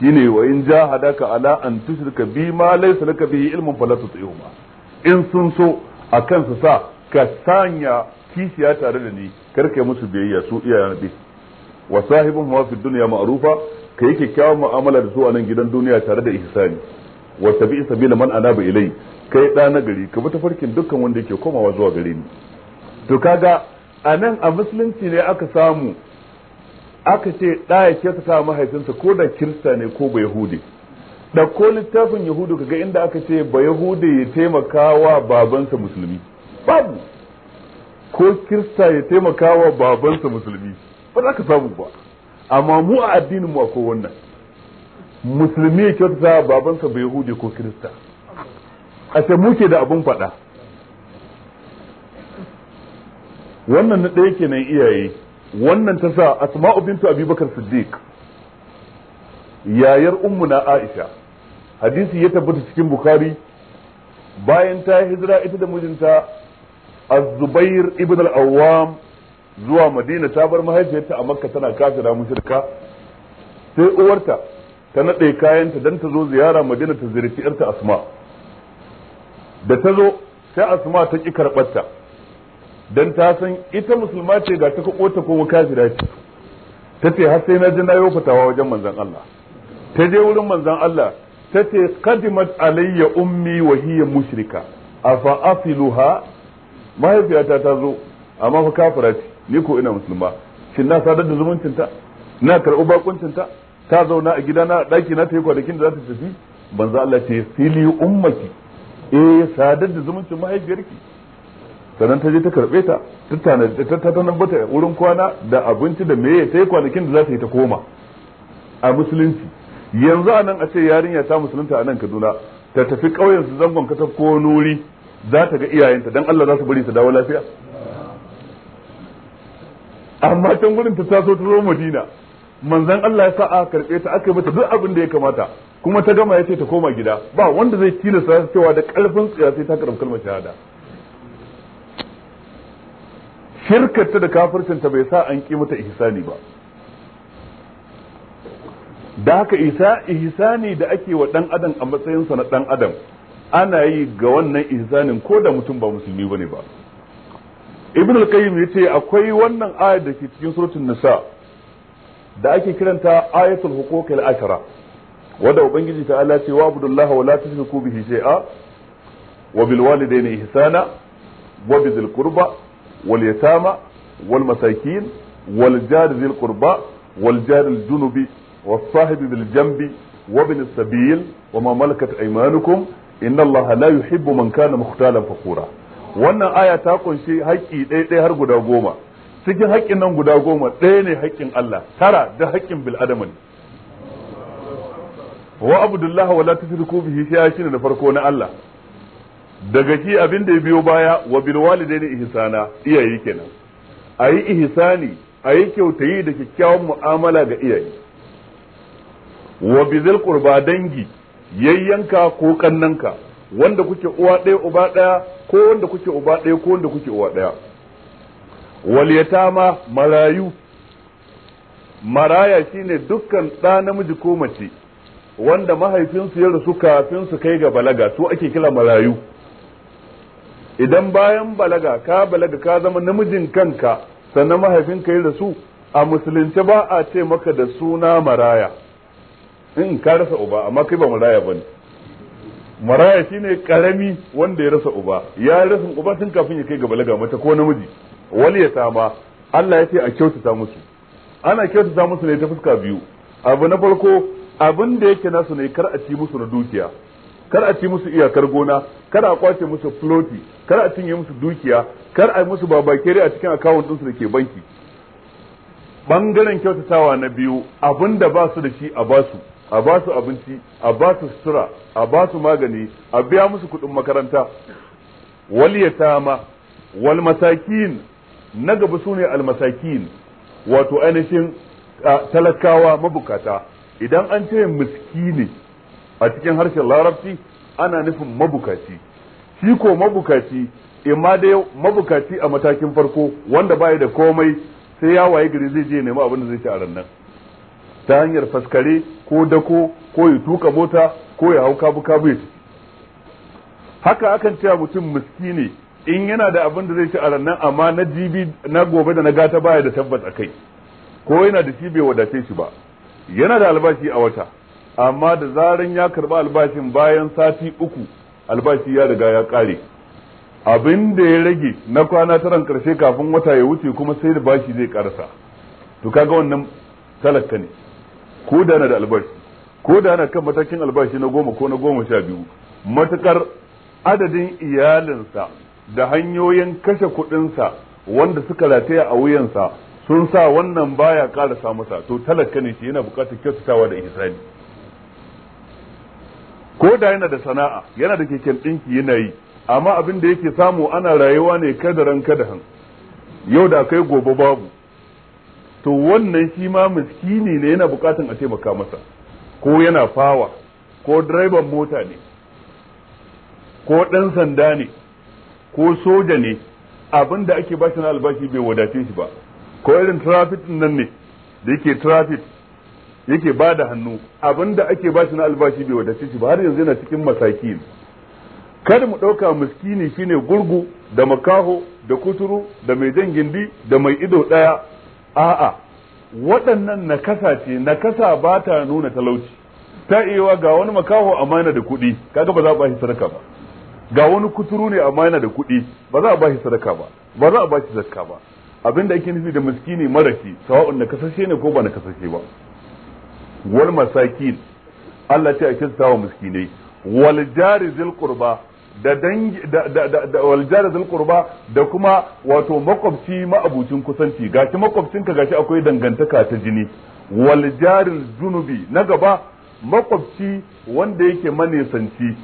Shi ne wa in ja hadaka ala an tushirka bi ma laisa laka bihi ilmun fala ma in sun so akan su sa ka sanya kishiya tare da ni karka musu biyayya su iyayen bi wa sahibun huwa fi dunya ma'rufa ka yi kyakkyawan mu'amala da zuwa nan gidan duniya tare da ihsani wa tabi sabila man anaba ilai kai da na gari ka bi farkin dukkan wanda yake komawa zuwa gare ni to kaga a nan a musulunci ne aka samu aka ce da ya ta mahaifinsa ko da kirista ne ko ba yahudi da ko littafin yahudu kaga inda aka ce ba yahudi ya taimaka wa babansa musulmi babu ko kirista ya taimaka wa babansa musulmi ba za ka samu ba amma mu a addinin mu akwai wannan musulmi ya kyautata babansa bai yahudi ko kirista ce muke da abin faɗa wannan na ɗaya kenan iyaye wannan ta sa asma'u bintu abubakar siddiq yayar ummu na aisha hadisi ya tabbata cikin bukhari bayan ta hijira ita da mijinta az-zubair ibn al-awwam zuwa madina ta bar mahaifiyarta a makka tana kafira mushrika sai uwarta ta nade kayanta dan ta zo ziyara madina ta ziyarci yarta asma da ta zo sai asma ta ki karɓarta Dan ta san ita musulma ce ga ta kaɓo ta kuma kafira ce ta ce har sai na ji na yi fatawa wajen manzan Allah ta je wurin manzon Allah ta ce kadimat alayya ummi wa hiya mushrika afa afiluha mahaifiyata ta zo amma fa kafira ce ni ko ina musulma shin na sadar da zumuncinta na karɓi bakuncinta ta zauna a gida na daki na ta yi kwanakin da za ta tafi za Allah ce fili ummaki eh sadar da zumuncin mahaifiyarki sannan ta je ta karɓe ta ta ta bata wurin kwana da abinci da meye ta yi kwanakin da za ta yi ta koma a musulunci yanzu a nan a ce yarinya ta musulunta a nan kaduna ta tafi ƙauyen su zangon ka ta ko nuri za ta ga iyayenta dan Allah za su bari ta dawo lafiya amma can gurin ta taso ta zo madina manzan Allah ya sa a karbe ta aka yi mata duk abin da ya kamata kuma ta gama ya ce ta koma gida ba wanda zai sa cewa da karfin tsiya sai ta karbi kalmar shahada shirkarta da ta bai sa an ki mata ihsani ba da haka isa ihsani da ake wa dan adam a matsayinsa na dan adam ana yi ga wannan ihsanin ko da mutum ba musulmi bane ba ibn al-qayyim yace akwai wannan ayar da ke cikin suratul nisa da ake kiranta ayatul huquq al-ashara wanda ubangiji ta Allah ce wa abdullah wa la tushriku bihi shay'a wa bil walidayni ihsana wa bidhil qurba wal yatama wal masakin wal jar dhil qurba wal jar al junubi was sahib bil janbi wa bin sabil wa ma malakat aymanukum inna allaha la yuhibbu man kana mukhtalan faqura wannan aya ta kunshi haƙƙi ɗaya har guda goma cikin haƙƙin nan guda goma ɗaya ne haƙƙin Allah tara da haƙƙin bil adama ne wa abdullah wala tusriku bihi shay'a shine da farko na Allah daga shi abin da ya biyo baya wa bil walidaini ihsana iyaye kenan ayi ihsani ayi kyautayi da kyakkyawan mu'amala ga iyaye wa bizil qurba dangi yayyanka ko kannanka wanda kuke uwa ɗaya uba ɗaya ko wanda kuke uba ɗaya ko wanda kuke uwa ɗaya waliyata ma marayu maraya shine dukkan ɗa namiji ko mace wanda mahaifinsu ya rasu kafin su kai ga balaga su ake kira marayu idan bayan balaga ka balaga ka zama namijin kanka sannan mahaifinka ya rasu a musulunci ba a ce maka da suna maraya in ka rasa uba amma kai ba maraya bane maraya ne karami wanda ya rasa uba ya rasa uba tun kafin ya kai ga balaga mata ko namiji ya yatama Allah ya ce a kyautata musu ana kyautata musu ne ta fuska biyu abu na farko abin da yake nasu ne kar a ci musu na dukiya kar a ci musu iyakar gona kar a kwace musu floti kar a cinye musu dukiya kar a musu babakere a cikin akawun ɗinsu da ke banki bangaren kyautatawa na biyu abin da ba su da shi a basu a ba su abinci a ba su sutura a ba su magani a biya musu kuɗin makaranta wal yatama wal masakin na gaba sune ne al masakin wato ainihin talakawa mabukata idan an ce miskini a cikin harshen larabci ana nufin mabukaci shi ko mabukaci imma dai mabukaci a matakin farko wanda bai da komai sai ya waye gari zai je nemi abin da zai ci a ran nan ta hanyar faskare ko dako ko ya tuka mota ko ya hau kabu kabu ya haka akan cewa mutum miski ne in yana da abin da zai ci a rannan amma na jibi na gobe da na gata baya da tabbas a kai ko yana da shi bai wadace shi ba yana da albashi a wata amma da zaran ya karba albashin bayan sati uku albashi ya riga ya kare abin da ya rage na kwana taran karshe kafin wata ya wuce kuma sai da bashi zai karasa to kaga wannan talaka ne ko da na da albashi ko da na kan matakin albashi na goma ko na goma sha biyu matukar adadin iyalinsa da hanyoyin kashe kuɗinsa wanda suka rataya a wuyansa sun sa wannan baya sa masa to talaka ne shi yana buƙatar kyautatawa da ihsani ko da yana da sana'a yana da keken ɗinki yana yi amma abin da yake samu ana rayuwa ne kadaran kadahan yau da akai gobe babu to wannan shi ma miskini ne yana bukatan a taimaka masa ko yana fawa ko direban mota ne ko ɗan sanda ne ko soja ne abin da ake bashi na albashi bai wadace shi ba ko irin trafik nan ne da yake trafik yake ba da hannu abin da ake bashi na albashi bai wadace shi ba har yanzu yana cikin masaki kada mu ɗauka miskini shine gurgu da makaho da kuturu da mai jan gindi da mai ido ɗaya a'a waɗannan nakasa ce nakasa ba ta nuna talauci ta iya ga wani makaho amana da kuɗi kaga ba za a bashi sadaka ba ga wani kuturu ne amana da kuɗi ba za a bashi sadaka ba ba za a bashi zakka ba abin da ake nufi da miskini maraki sawa'un kasashe ne ko ba na kasashe ba wal masakin Allah ce a kinsa wa miskinai wal jari zil qurba da dangi da waljara qurba da kuma wato makwabci ma'abucin kusanci gashi makwabcinka gashi akwai dangantaka ta jini waljaril junubi na gaba makwabci wanda yake manesanci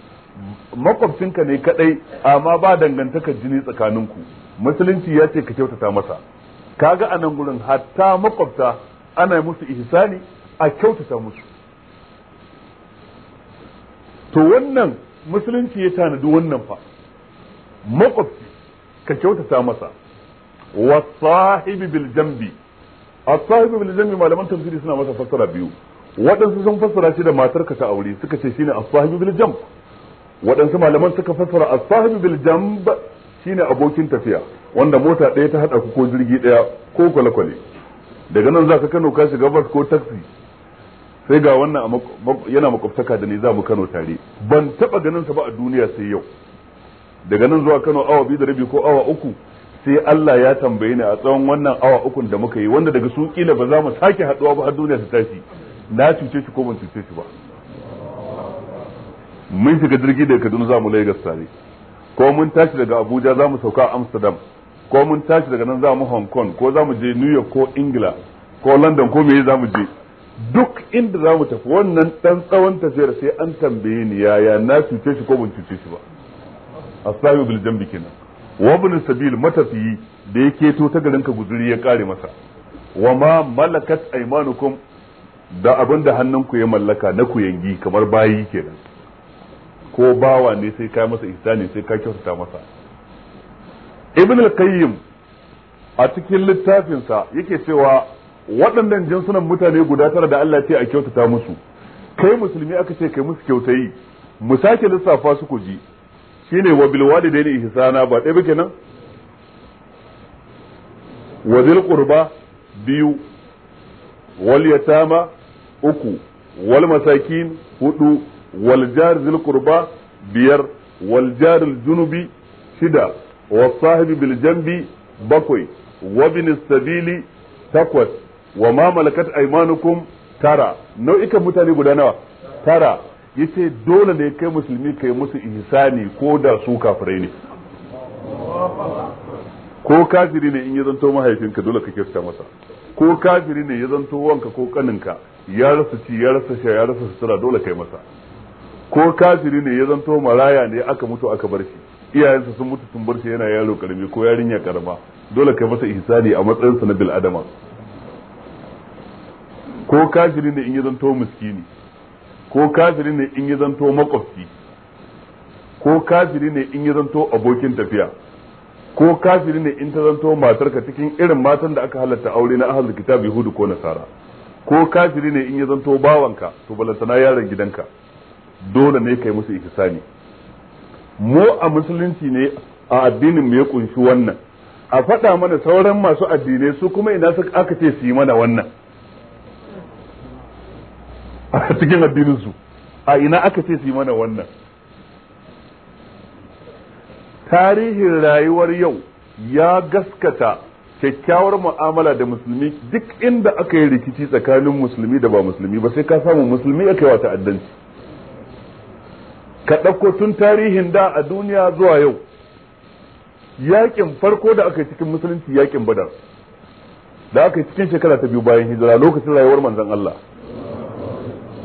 makwabcinka ne kadai amma ba dangantaka jini tsakaninku musulunci ya ce ka kyautata masa kaga a nan gurin hatta makwabta ana musu ihsani a kyautata musu to wannan musulunci ya tanadi wannan fa makwabci ka kyautata masa wa sahibi bil jambi sahibi bil jambi malaman tafsiri suna masa fassara biyu waɗansu sun fassara shi da matarka ta aure suka ce shine a sahibi bil jamb waɗansu malaman suka fassara a sahibi bil jamb shine abokin tafiya wanda mota ɗaya ta haɗa ku ko jirgi ɗaya ko kwale-kwale daga nan za ka Kano ka shiga bas ko taxi sai ga wannan yana makwabtaka da ni za mu Kano tare ban taba ganin sa ba a duniya sai yau daga nan zuwa Kano awa biyu da rabi ko awa uku sai Allah ya tambaye ni a tsawon wannan awa ukun da muka yi wanda daga su kila ba za mu sake haduwa ba har duniya ta tashi na cuce shi ko ban cuce shi ba mun shiga jirgi da Kaduna za mu Lagos tare ko mun tashi daga Abuja za mu sauka Amsterdam ko mun tashi daga nan za mu Hong Kong ko za mu je New York ko Ingila ko London ko me za mu je duk inda za mu tafi wannan dan tsawon tafiyar sai an tambaye ni yaya na cuce shi ko ban cuce shi ba asabi bil jambi kenan wa ibn sabil matafiyi da ya to ta garin ka guzuri ya kare masa wa ma malakat aymanukum da abinda da hannunku ya mallaka na ku yangi kamar bayi kenan ko bawa ne sai ka masa ihsani sai ka kyautata masa ibn al-qayyim a cikin littafinsa yake cewa waɗannan jinsunan mutane guda tara da Allah ce a kyautata musu kai musulmi aka ce kai musu kyautayi mu sake lissafa su ku ji shine wa bil walidaini ihsana ba ɗaya ba nan. wa zil qurba biyu wal yatama uku wal masakin hudu wal jar zil qurba biyar wal jar al junubi shida wa sahibi bil janbi bakwai wa bin sabili takwas wa ma malakat aymanukum tara nau'ikan mutane guda nawa tara yace dole ne kai musulmi kai musu ihsani ko da su kafirai ne ko kafiri ne in ya zanto mahaifinka dole ka kirta masa ko kafiri ne ya zanto wanka ko kaninka ya rasa ci ya rasa sha ya rasa sutura dole kai masa ko kafiri ne ya zanto maraya ne aka mutu aka bar shi iyayensa sun mutu sun bar shi yana yaro karami ko yarinya karama dole kai masa ihsani a matsayinsa na bil adama ko kafiri ne in yi zanto miskini ko kafiri ne in yi zanto makwabci ko kafiri ne in yi zanto abokin tafiya ko kafiri ne in ta zanto matarka cikin irin matan da aka halatta aure na ahlul kitab yahudu ko nasara ko kafiri ne in yi zanto bawanka to balantana yaron gidanka dole ne kai musu ihsani mu a musulunci ne a addinin mu ya kunshi wannan a faɗa mana sauran masu addinai su kuma ina aka ce su yi mana wannan a <laughs> cikin addininsu a ina aka ce su yi mana wannan tarihin rayuwar yau ya gaskata kyakkyawar mu'amala da musulmi duk inda aka yi rikici tsakanin musulmi da ba musulmi ba sai ka samu musulmi aka yi wa ta'addanci ka ɗauko tun tarihin da a duniya zuwa yau yakin farko da aka yi cikin musulunci yakin badar da aka yi cikin shekara ta biyu bayan hijira lokacin rayuwar manzon Allah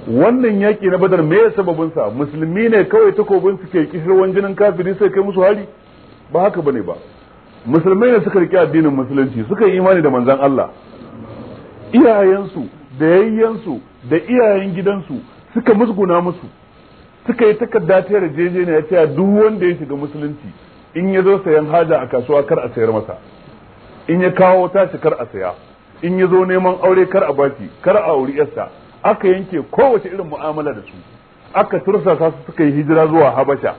wannan yaki na badar me sababin sa musulmi ne kawai takobin suke kishirwan jinin kafiri sai kai musu hari ba haka bane ba musulmai ne suka rike addinin musulunci suka yi imani da manzon Allah iyayensu da yayyensu da iyayen gidansu suka musguna musu suka yi takarda ta yarjejeniya cewa duk wanda ya shiga musulunci in ya zo sayan haja a kasuwa kar a sayar masa in ya kawo tashi kar a saya in ya zo neman aure kar a baki kar a auri yarsa aka yanke kowace irin mu'amala da su aka tursasa su suka yi hijira zuwa habasha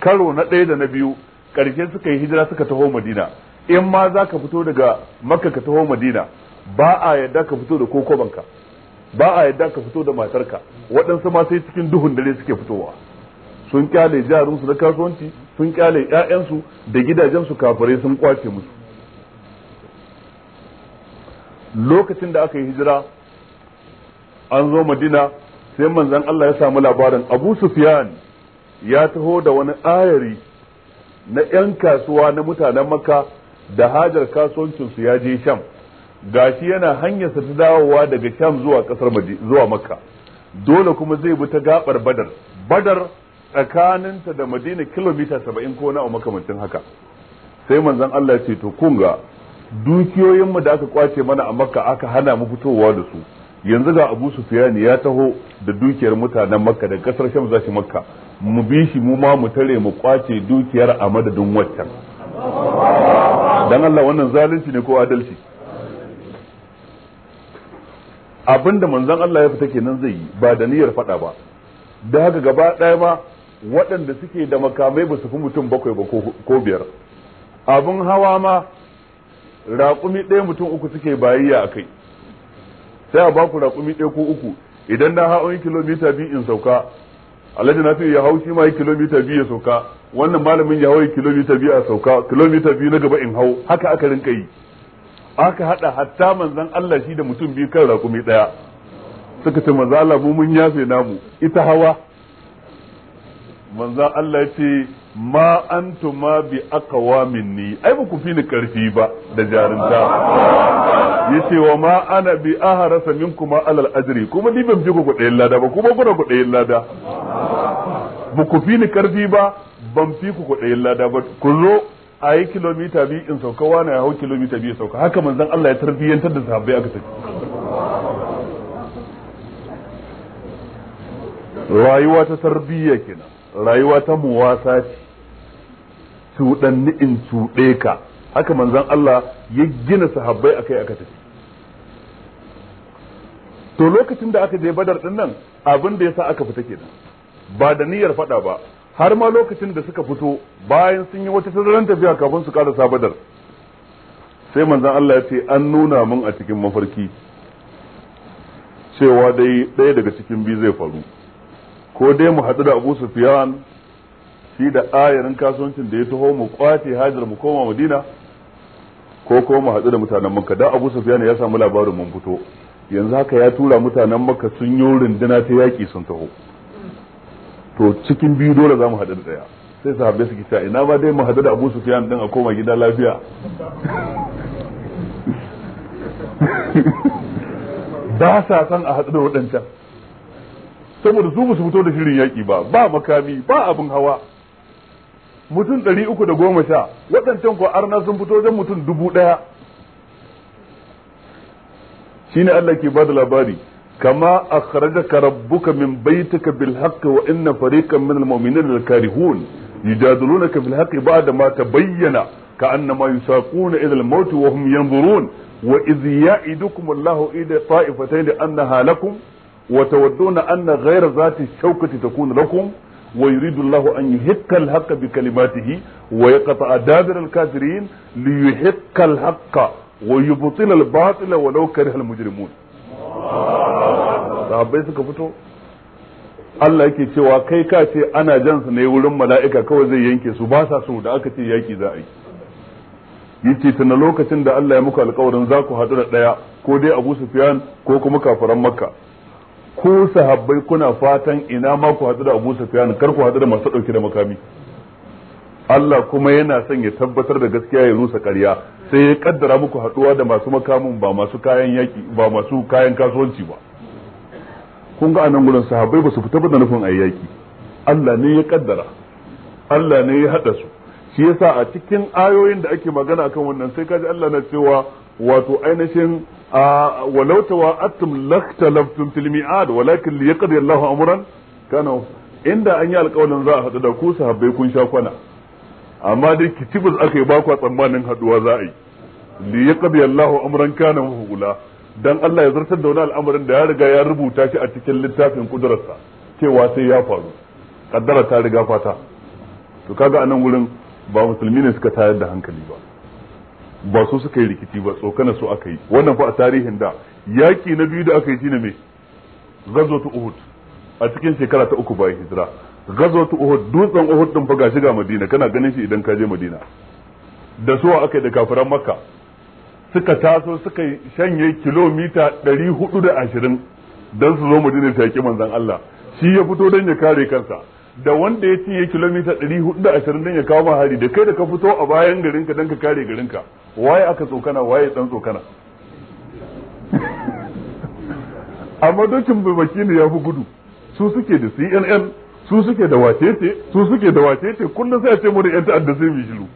karo na ɗaya da na biyu ƙarshe suka yi hijira suka taho madina in ma za ka fito daga makka ka taho madina ba a yadda ka fito da kokobanka ba a yadda ka fito da matarka waɗansu ma sai cikin duhun dare suke fitowa sun kyale jarunsu na kasuwanci sun kyale 'ya'yansu da gidajensu kafirai sun kwace musu lokacin da aka yi hijira an zo madina sai manzan Allah ya samu labarin abu sufyan ya taho da wani ayari na 'yan kasuwa na mutanen makka da hajar kasuwancinsu ya je sham gashi yana hanyar hanyarsa ta dawowa daga sham zuwa kasar zuwa makka dole kuma zai bi ta gabar badar badar tsakaninta da madina kilomita saba'in ko na makamancin haka sai manzan Allah ya ce to kunga dukiyoyin mu da aka kwace mana a makka aka hana mu fitowa da su yanzu ga Abu Sufyan ya taho da dukiyar mutanen Makka da kasar Sham zaki Makka mu bi shi mu ma mu tare mu kwace dukiyar a madadin waccan dan Allah wannan zalunci ne ko adalci abinda manzon Allah ya fita kenan zai yi ba da niyyar fada ba da haka gaba ɗaya ma waɗanda suke da makamai ba su fi mutum bakwai ba ko biyar abin hawa ma raƙumi ɗaya mutum uku suke bayayya a kai sai a baku raƙumi ɗaya ko uku idan na hau hawan kilomita biyu in sauka alhaji na ya hau shi ma kilomita biyu ya sauka wannan malamin ya hau kilomita biyu a sauka kilomita biyu na gaba in hau haka aka rinka yi aka haɗa hatta manzan Allah shi da mutum biyu kan raƙumi ɗaya suka ce maza Allah mu mun yafe namu ita hawa manzan Allah ya ce ma antuma bi aqwamin ni ai ba ku fili karfi ba da jarumta ce wa ma ana bi aharasa kuma alal ajri kuma ni ban fi ku kudayen lada ba kuma kuna kudayen lada ba ku fili karfi ba ban fi ku kudayen lada ba ku zo a yi kilomita biyu in sauka wani ya hau kilomita biyu sauka haka manzan Allah ya tarbiyyantar da sahabbai aka tafi rayuwa ta tarbiyya kenan rayuwa ta muwasa ce cuɗanni in cuɗe ka haka manzan Allah ya gina sahabbai akai aka tafi to lokacin da aka je badar din nan abin da yasa aka fita kenan ba da niyyar faɗa ba har ma lokacin da suka fito bayan sun yi wata tazaran tafiya kafin su karasa badar sai manzon Allah ya ce an nuna mun a cikin mafarki cewa dai ɗaya daga cikin biyu zai faru ko dai mu haɗu da abu sufiyan shi da ayarin kasuwancin da ya taho mu kwace hajjar mu koma madina ko ko mu haɗu da mutanen makka da abu sufiyan ya samu labarin mun fito yanzu haka ya tura mutanen makka sun yi rundunar ta yaƙi sun taho to cikin biyu dole za mu haɗu da ɗaya sai sahabbai suke cewa ina ba dai mu haɗu da abu sufiyan din a koma gida lafiya <laughs> ba sa son a haɗu da waɗancan saboda su musu fito da shirin yaƙi ba ba makami ba abin hawa mutum ɗari uku da goma sha waɗancan ko arna sun fito wajen mutum dubu ɗaya shine Allah ke bada labari kama akhrajaka rabbuka min baitika bil haqqi wa inna fariqan min al mu'minina lal karihun yujadilunaka bil haqqi ba'da ma tabayyana ka'annama yusaquna ila al maut wa hum yanzurun wa idh ya'idukum Allahu ila ta'ifatayn annaha lakum وتودون أن غير ذات الشوكة تكون لكم ويريد الله أن يحق الحق بكلماته ويقطع دابر الكافرين ليحق الحق ويبطل الباطل ولو كره المجرمون sahabbai suka fito Allah yake cewa kai ka ce ana su ne wurin mala'ika kawai zai yanke su ba sa so da aka ce yaki za a yi yace tana lokacin da Allah ya muku alƙawarin za ku haɗu da ɗaya ko dai Abu Sufyan ko kuma kafiran Makka ko sahabbai kuna fatan ina ma ku hadu da Abu Sufyan kar ku hadu da masu dauke da makami Allah kuma yana son ya tabbatar da gaskiya ya rusa ƙarya sai ya kaddara muku haduwa da masu makamin ba masu kayan yaki ba masu kayan kasuwanci ba kun ga anan gurin sahabbai ba su fita ba da nufin ayyaki Allah ne ya kaddara Allah ne ya hada su shi yasa a cikin ayoyin da ake magana akan wannan sai kaji Allah na cewa wato ainihin ولو توعدتم لاختلفتم في الميعاد ولكن ليقضي الله امرا كان inda an yi alƙawarin za a haɗu da ku sahabbai kun sha kwana amma dai kitibus aka yi ba tsammanin haɗuwa za a yi li yaqdi Allahu amran kana mahula dan Allah ya zartar da wani al'amarin da ya riga ya rubuta shi a cikin littafin kudurarsa cewa sai ya faru kaddara ta riga fata to kaga anan wurin ba musulmi ne suka tayar da hankali ba ba su suka yi rikici ba tsokana su aka yi wannan fa a tarihin da yaki na biyu da aka yi shine me ta uhud a cikin shekara ta uku bayan hijira ta uhud dutsen uhud din fa shiga madina kana ganin shi idan ka je madina da su aka yi da kafiran makka suka taso suka shanye kilomita 420 don su zo madina ta yaki manzon Allah shi ya fito don ya kare kansa da wanda ya ciye kilomita 420 don ya kawo ma hari da kai da ka fito a bayan garinka don ka kare garinka waye aka tsokana waye dan tsokana <laughs> amma dokin baki ne ya fi gudu su suke da cnn su suke da wacece su suke da wacece kullum sai a ce mu da yan ta'adda sai mu shiru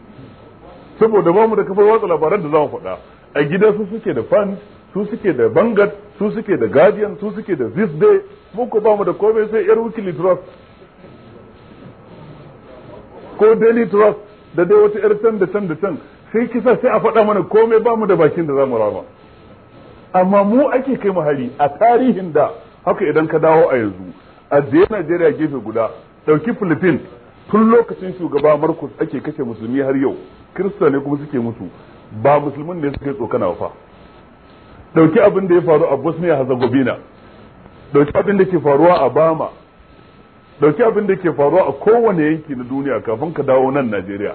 saboda ba mu da kafar watsa labaran da za mu faɗa a gida su suke da fan su suke da bangat su suke da guardian su suke da this day mu ko ba mu da komai sai yar weekly trust ko daily trust da dai wata yar can da can da can sai kisa sai a faɗa mana komai ba mu da bakin da za mu rama amma mu ake kai mu hari a tarihin da haka idan ka dawo a yanzu a je Najeriya gefe guda ɗauki Philippines tun lokacin shugaba Marcus ake kashe musulmi har yau kirista ne kuma suke mutu ba musulmin ne suke tsokana fa ɗauki abin da ya faru a Bosnia Herzegovina ɗauki abin da ke faruwa a Bama dauki abin da ke faruwa a kowane yanki na duniya kafin ka dawo nan Najeriya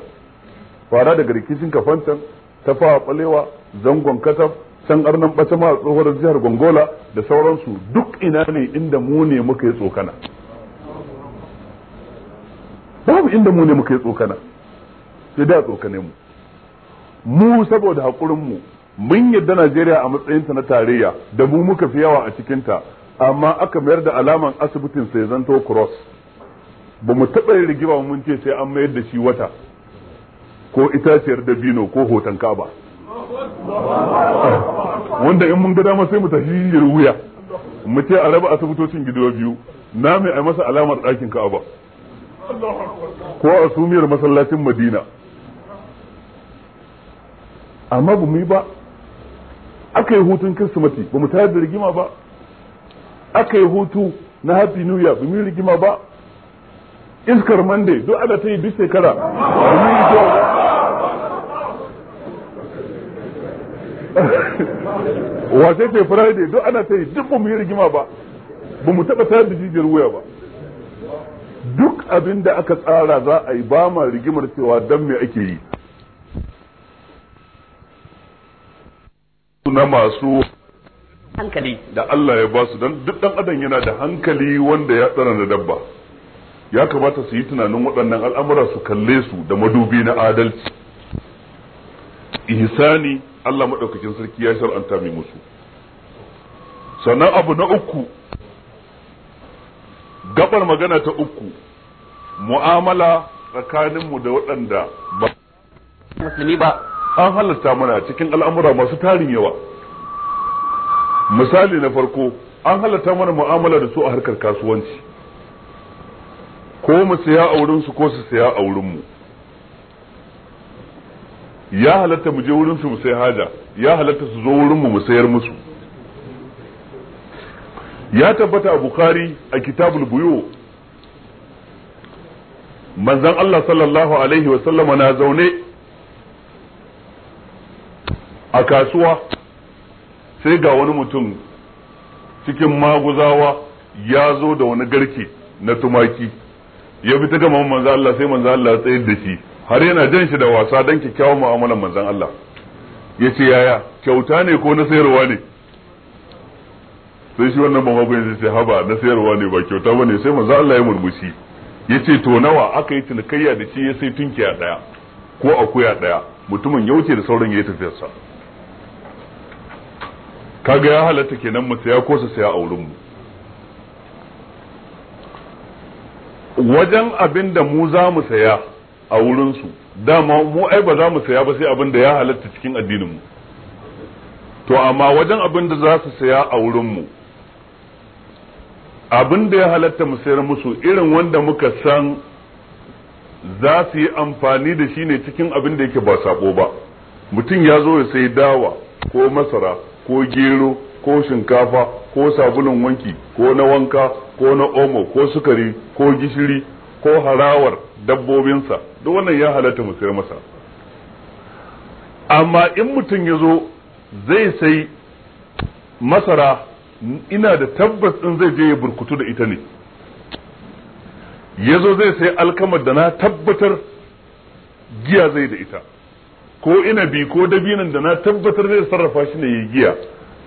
fara daga rikicin kafantan ta fawa balewa zangon kataf can arnan bace ma tsohuwar jihar gongola da sauransu duk ina ne inda mu ne muka yi tsokana babu inda mu ne muka yi tsokana sai da tsokane mu mu saboda haƙurin mu mun yadda Najeriya a matsayinta na tarayya da mu muka fi yawa a cikinta amma aka mayar da alaman asibitin sai zanto cross ba mu taɓa rigima mun ce sai an mayar da shi wata ko itaciyar dabino ko hoton kaba wanda in mun ga dama sai mu tafi yin wuya mu ce a raba asibitocin gidawa biyu na mai a masa alamar ɗakin kaba ko a sumiyar masallacin madina amma ba mu yi ba aka yi hutun kirsimati ba mu tayar da rigima ba aka yi hutu na happy new year ba rigima ba iskar monday duk ana ta yi duk shekara ba <laughs> wace ce friday duk ana ta yi duk ba mu yi rigima ba ba mu taɓa tayar da jijiyar wuya ba duk abin da aka tsara za a yi ba ma rigimar cewa dan me ake yi na masu hankali da Allah ya ba su don duk dan adam yana da hankali wanda ya tsara da dabba ya kamata su yi tunanin waɗannan al'amura su kalle su da madubi na adalci ihsani Allah madaukakin sarki ya shar'anta mai musu sannan abu na uku gabar magana ta uku mu'amala tsakaninmu da waɗanda ba musulmi ba an halatta mana cikin al'amura masu tarin yawa misali na farko an halatta mana mu'amala da su a harkar kasuwanci ko mu siya a wurin su ko su siya a wurin mu ya halatta mu je wurin su mu sai haja ya halatta su zo wurin mu mu sayar musu ya tabbata a bukari a kitabul buyo manzon Allah sallallahu alaihi wa sallama na zaune a kasuwa sai ga wani mutum cikin maguzawa ya zo da wani garke na tumaki ya bi ta gama manzan Allah sai manzan Allah ya tsayar da shi har yana jan shi da wasa dan kyakkyawan mu'amalan manzan Allah ya ce yaya kyauta ne ko na sayarwa ne sai shi wannan mamakon ya ce haba na sayarwa ne ba kyauta ba ne sai manzan Allah ya murmushi ya ce to nawa aka yi cinikayya da shi ya sai tunkiya daya ko akuya daya mutumin ya wuce da sauran ya yi tafiyarsa kaga ya halatta kenan mu saya ko su saya a wurin mu wajen abin da mu za mu saya a wurin su dama mu ai ba za mu saya ba sai abin da ya halatta cikin addinin mu to amma wajen abin da za su saya a wurin mu abin da ya halatta mu sayar musu irin wanda muka san za su yi amfani da shi ne cikin abin da yake ba sabo ba mutum ya zo ya sai dawa ko masara ko gero ko shinkafa ko sabulun wanki ko na wanka ko na omo ko sukari ko gishiri ko harawar dabbobinsa duk wannan ya halatta mu sayar masa amma in mutum ya zo zai sai masara ina da tabbas in zai je ya burkutu da ita ne ya zo zai sai alkamar da na tabbatar giya zai da ita ko inabi ko dabinan da na tabbatar zai sarrafa shi ne ya giya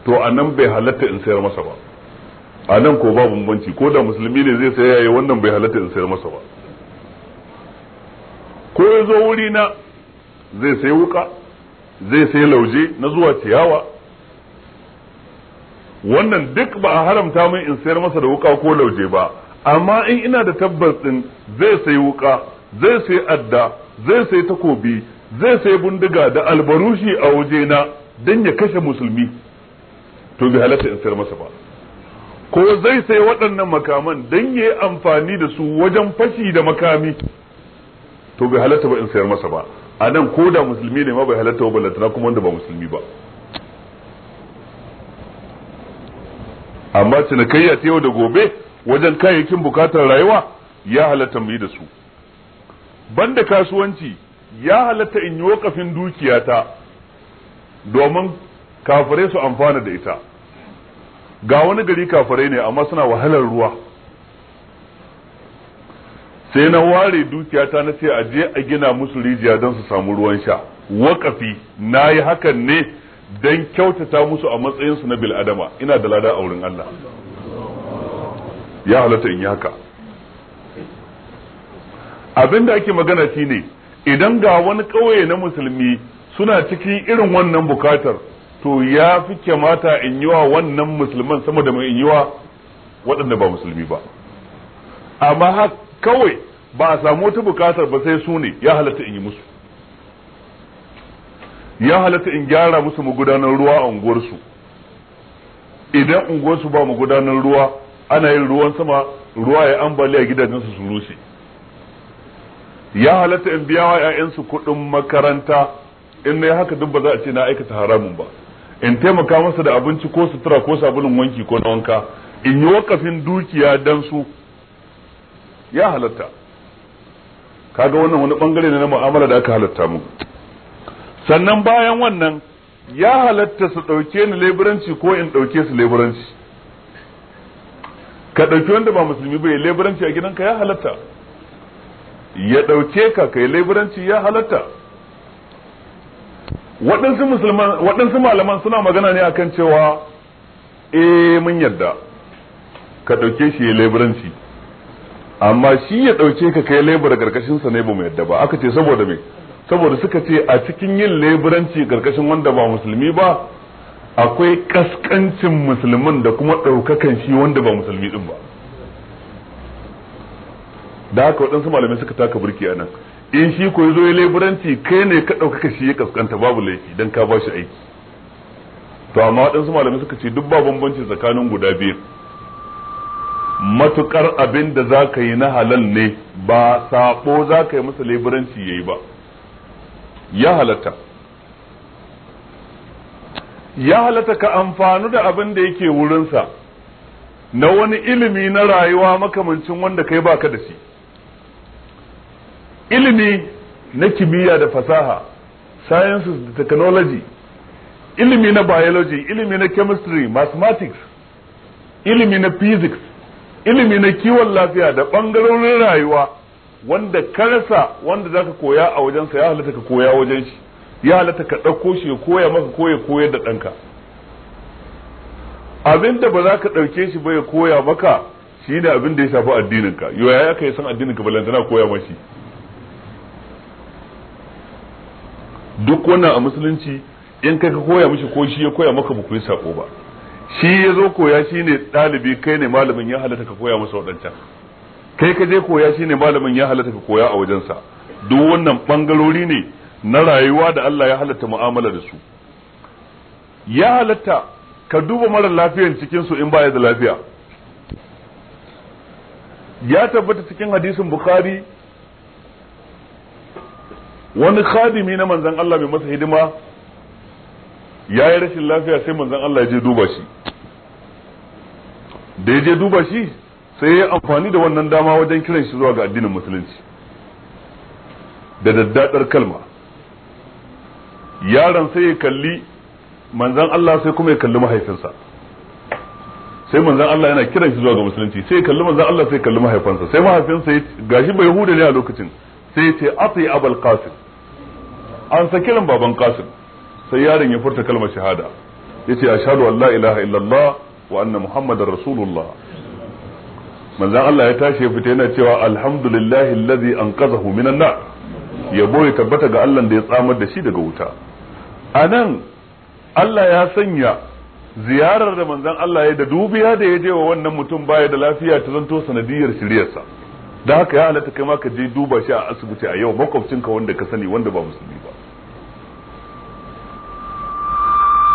to a nan bai halatta in sayar masa ba a nan ko babu bambanci ko da musulmi ne zai saya yayi wannan bai halatta in sayar masa ba ko ya zo wuri na zai sayi wuka zai sayi lauje na zuwa ciyawa wannan duk ba a haramta min in sayar masa da wuka ko lauje ba amma in ina da tabbas din zai sayi wuka zai sayi adda zai sayi takobi zai sai bindiga da albarushi a wajena don ya kashe musulmi to bai halatta in sayar masa ba ko zai sai waɗannan makaman Dan ya yi amfani da su wajen fashi da makami to bai halatta ba in sayar masa ba a nan ko da musulmi ne ma bai halatta ba ballantana kuma wanda ba musulmi ba amma cinikayya ta yau da gobe wajen kayayyakin bukatar rayuwa ya halatta mu yi da su banda kasuwanci ya halatta in yi wakafin dukiyata domin kafare su amfana da ita ga wani gari kafare ne amma suna wahalar ruwa sai na ware dukiyata na ce a je a gina musu rijiya don su samu ruwan sha wakafi na yi hakan ne don kyautata musu a matsayinsu na bil'adama ina da lada a wurin Allah ya halatta in yi haka abin da ake magana shi ne idan ga wani ƙauye na musulmi suna cikin irin wannan bukatar to ya fi kyamata in yi wa wannan musulman sama da mai in yi wa waɗanda ba musulmi ba amma ha kawai ba a samu wata bukatar ba sai su ne ya halatta in yi musu ya halatta in gyara musu magudanar ruwa a unguwarsu idan unguwarsu ba gudanar ruwa ana yin ruwan sama ruwa ya ambaliya gidajensu su rushe ya halatta in biya wa ƴaƴansu kuɗin makaranta in na haka duk ba za a ce na aikata haramun ba in taimaka masa da abinci ko sutura ko sabulun wanki ko na wanka in yi wakafin dukiya dan su ya halatta kaga wannan wani bangare ne na mu'amala da aka halatta mu sannan bayan wannan ya halatta su ɗauke ni leburanci ko in ɗauke su leburanci ka ɗauki wanda ba musulmi ba ya leburanci a gidanka ya halatta ya ɗauke ka kai leburanci ya halatta waɗansu musulman waɗansu malaman suna magana ne akan cewa eh mun yarda ka ɗauke shi ya leburanci amma shi ya ɗauke ka kai lebura karkashin ƙarƙashinsa ne ba mu yarda ba aka ce saboda me saboda suka ce a cikin yin leburanci ƙarƙashin wanda ba musulmi ba akwai ƙasƙancin musulmin da kuma ɗaukakan shi wanda ba musulmi ɗin ba da haka waɗansu malamai suka taka burki a nan in shi ko zo ya leburanci kai ne ka ɗaukaka shi ya kaskanta babu laifi dan ka ba shi aiki to amma waɗansu malamai suka ce duk ba bambanci tsakanin guda biyu matukar abin da za ka yi na halal ne ba sabo za ka yi masa leburanci ya yi ba ya halatta ya halatta ka amfanu da abin da yake wurinsa na wani ilimi na rayuwa makamancin wanda kai baka da shi ilimi na kimiyya da fasaha sciences da technology ilimi na biology ilimi na chemistry mathematics ilimi na physics ilimi na kiwon lafiya da ɓangarorin rayuwa wanda karasa wanda zaka koya a wajensa ya halatta ka koya wajen shi ya halatta ka ɗauko shi ya koya maka ko koyar da ɗanka abin da ba za ka ɗauke shi ba ya koya maka shi ne abin da ya shafi addininka yaya ya kai san addininka balantana koya mashi duk wannan a musulunci in kai ka koya mishi ko shi ya koya maka ba ku yi sako ba shi ya zo koya shi ne ɗalibi kai ne malamin ya halatta ka koya masa waɗancan kai ka je koya shi ne malamin ya halatta ka koya a wajensa duk wannan ɓangarori ne na rayuwa da Allah ya halatta mu'amala da su ya halatta ka duba mara lafiyan cikinsu in baya da lafiya ya tabbata cikin hadisin bukhari wani khadimi na manzan Allah mai masa hidima ya yi rashin lafiya sai manzan Allah ya je duba shi da ya je duba shi sai ya amfani da wannan dama wajen kiran shi zuwa ga addinin musulunci da daddadar kalma yaron sai ya kalli manzan Allah sai kuma ya kalli mahaifinsa sai manzan Allah yana kiran shi zuwa ga musulunci sai ya kalli manzan Allah sai ya kalli mahaifinsa sai mahaifinsa ya gashi bai huda ne a lokacin sai ce ati abul qasim an sa kiran baban qasim sai yaron ya furta kalmar shahada yace ashhadu an la ilaha illallah wa anna muhammadar rasulullah manzon Allah ya tashi ya fita yana cewa alhamdulillahi allazi anqazahu minan nar yabo ya tabbata ga Allah da ya tsamar da shi daga wuta anan Allah ya sanya ziyarar da manzon Allah ya da dubiya da ya je wa wannan mutum baya da lafiya ta zanto sanadiyar shiryarsa da haka ya halatta kai ma ka je duba shi a asibiti a yau makwabcinka wanda ka sani wanda ba musulmi ba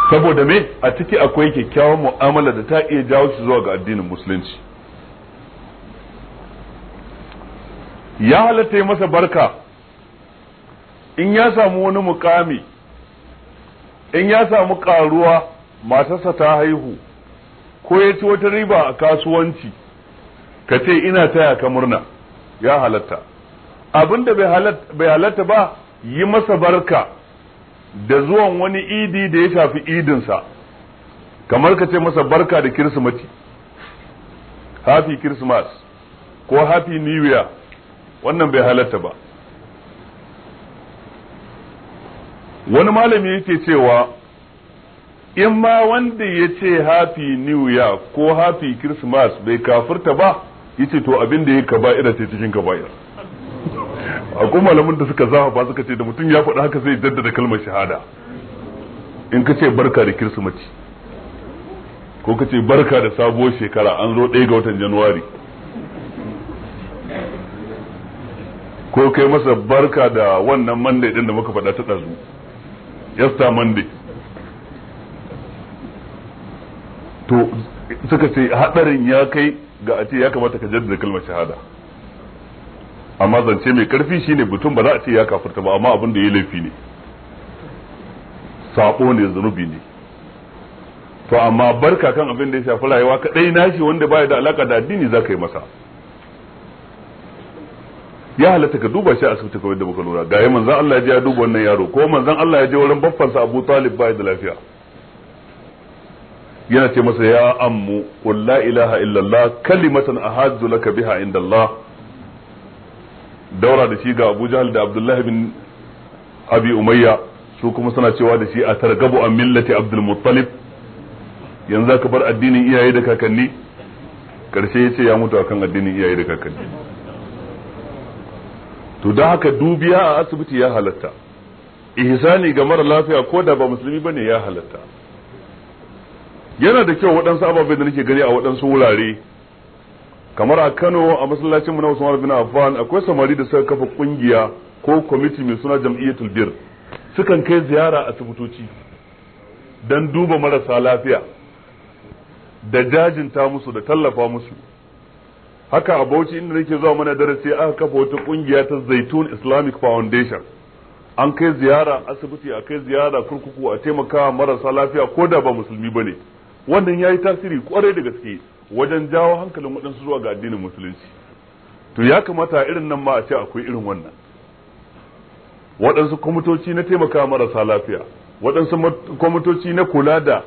saboda me a ciki akwai kyakkyawan mu'amala da ta iya jawo shi zuwa ga addinin musulunci ya halatta yi masa barka in ya samu wani mukami in ya samu karuwa matarsa ta haihu ko ya ci wata riba a kasuwanci ka ce ina taya ka murna ya halatta abin da bai halatta ba yi masa barka da zuwan wani idi da ya shafi idinsa kamar ka ce masa barka da kirsimati happy christmas ko happy new year wannan bai halatta ba wani malami yake cewa in ma wanda ya ce happy new year ko happy christmas bai kafirta ba yace to abin da yake kaba'ira ce cikin a kuma malamin da suka zafa suka ce da mutum ya faɗi haka zai jaddada kalmar shahada in ka ce barka da kirsimaci ko ka ce barka da sabuwar shekara an zo ɗaya ga watan januwari ko kai masa barka da wannan monday idan da muka faɗa ta ɗazu yasta monday to suka ce haɗarin ya kai ga a ce ya kamata ka jaddada kalmar shahada amma zance mai karfi shine mutum ba za a ce ya kafirta ba amma abin da ya laifi ne sabo ne zunubi ne to amma barka kan abin da ya shafi rayuwa kadai nashi wanda baya da alaka da addini za ka yi masa ya halatta ka duba shi a asibiti kawai da muka lura ga yi manzan Allah ya je ya duba wannan yaro ko manzan Allah ya je wurin baffansa Abu Talib baya da lafiya yana ce masa ya ammu qul la ilaha illallah kalimatan ahadzu laka biha inda daura da shi ga Abu Jahl da Abdullah bin Abi Umayya su kuma suna cewa da shi a targabu an millati Abdul Muttalib yanzu ka bar addinin iyaye da kakanni karshe yace ya mutu akan addinin iyaye da kakanni to da haka dubiya a asibiti ya halatta ihsani ga mara lafiya ko da ba musulmi bane ya halatta yana da kyau waɗansu ababai da nake gani a waɗansu wurare kamar a Kano a masallacin na Usman bin Affan akwai samari da suka kafa ƙungiya ko kwamiti mai suna jam'iyyatul bir sukan kai ziyara asibitoci don duba marasa lafiya da jajinta musu da tallafa musu haka a Bauchi inda nake zuwa mana darasi aka kafa wata ƙungiya ta Zaitun Islamic Foundation an kai ziyara asibiti a kai ziyara kurkuku a taimaka marasa lafiya ko da ba musulmi bane ne wannan ya yi tasiri kwarai da gaske wajen jawo hankalin waɗansu zuwa ga addinin musulunci to ya kamata irin nan ma a ce akwai irin wannan waɗansu kwamitoci na taimaka marasa lafiya waɗansu kwamitoci na kula da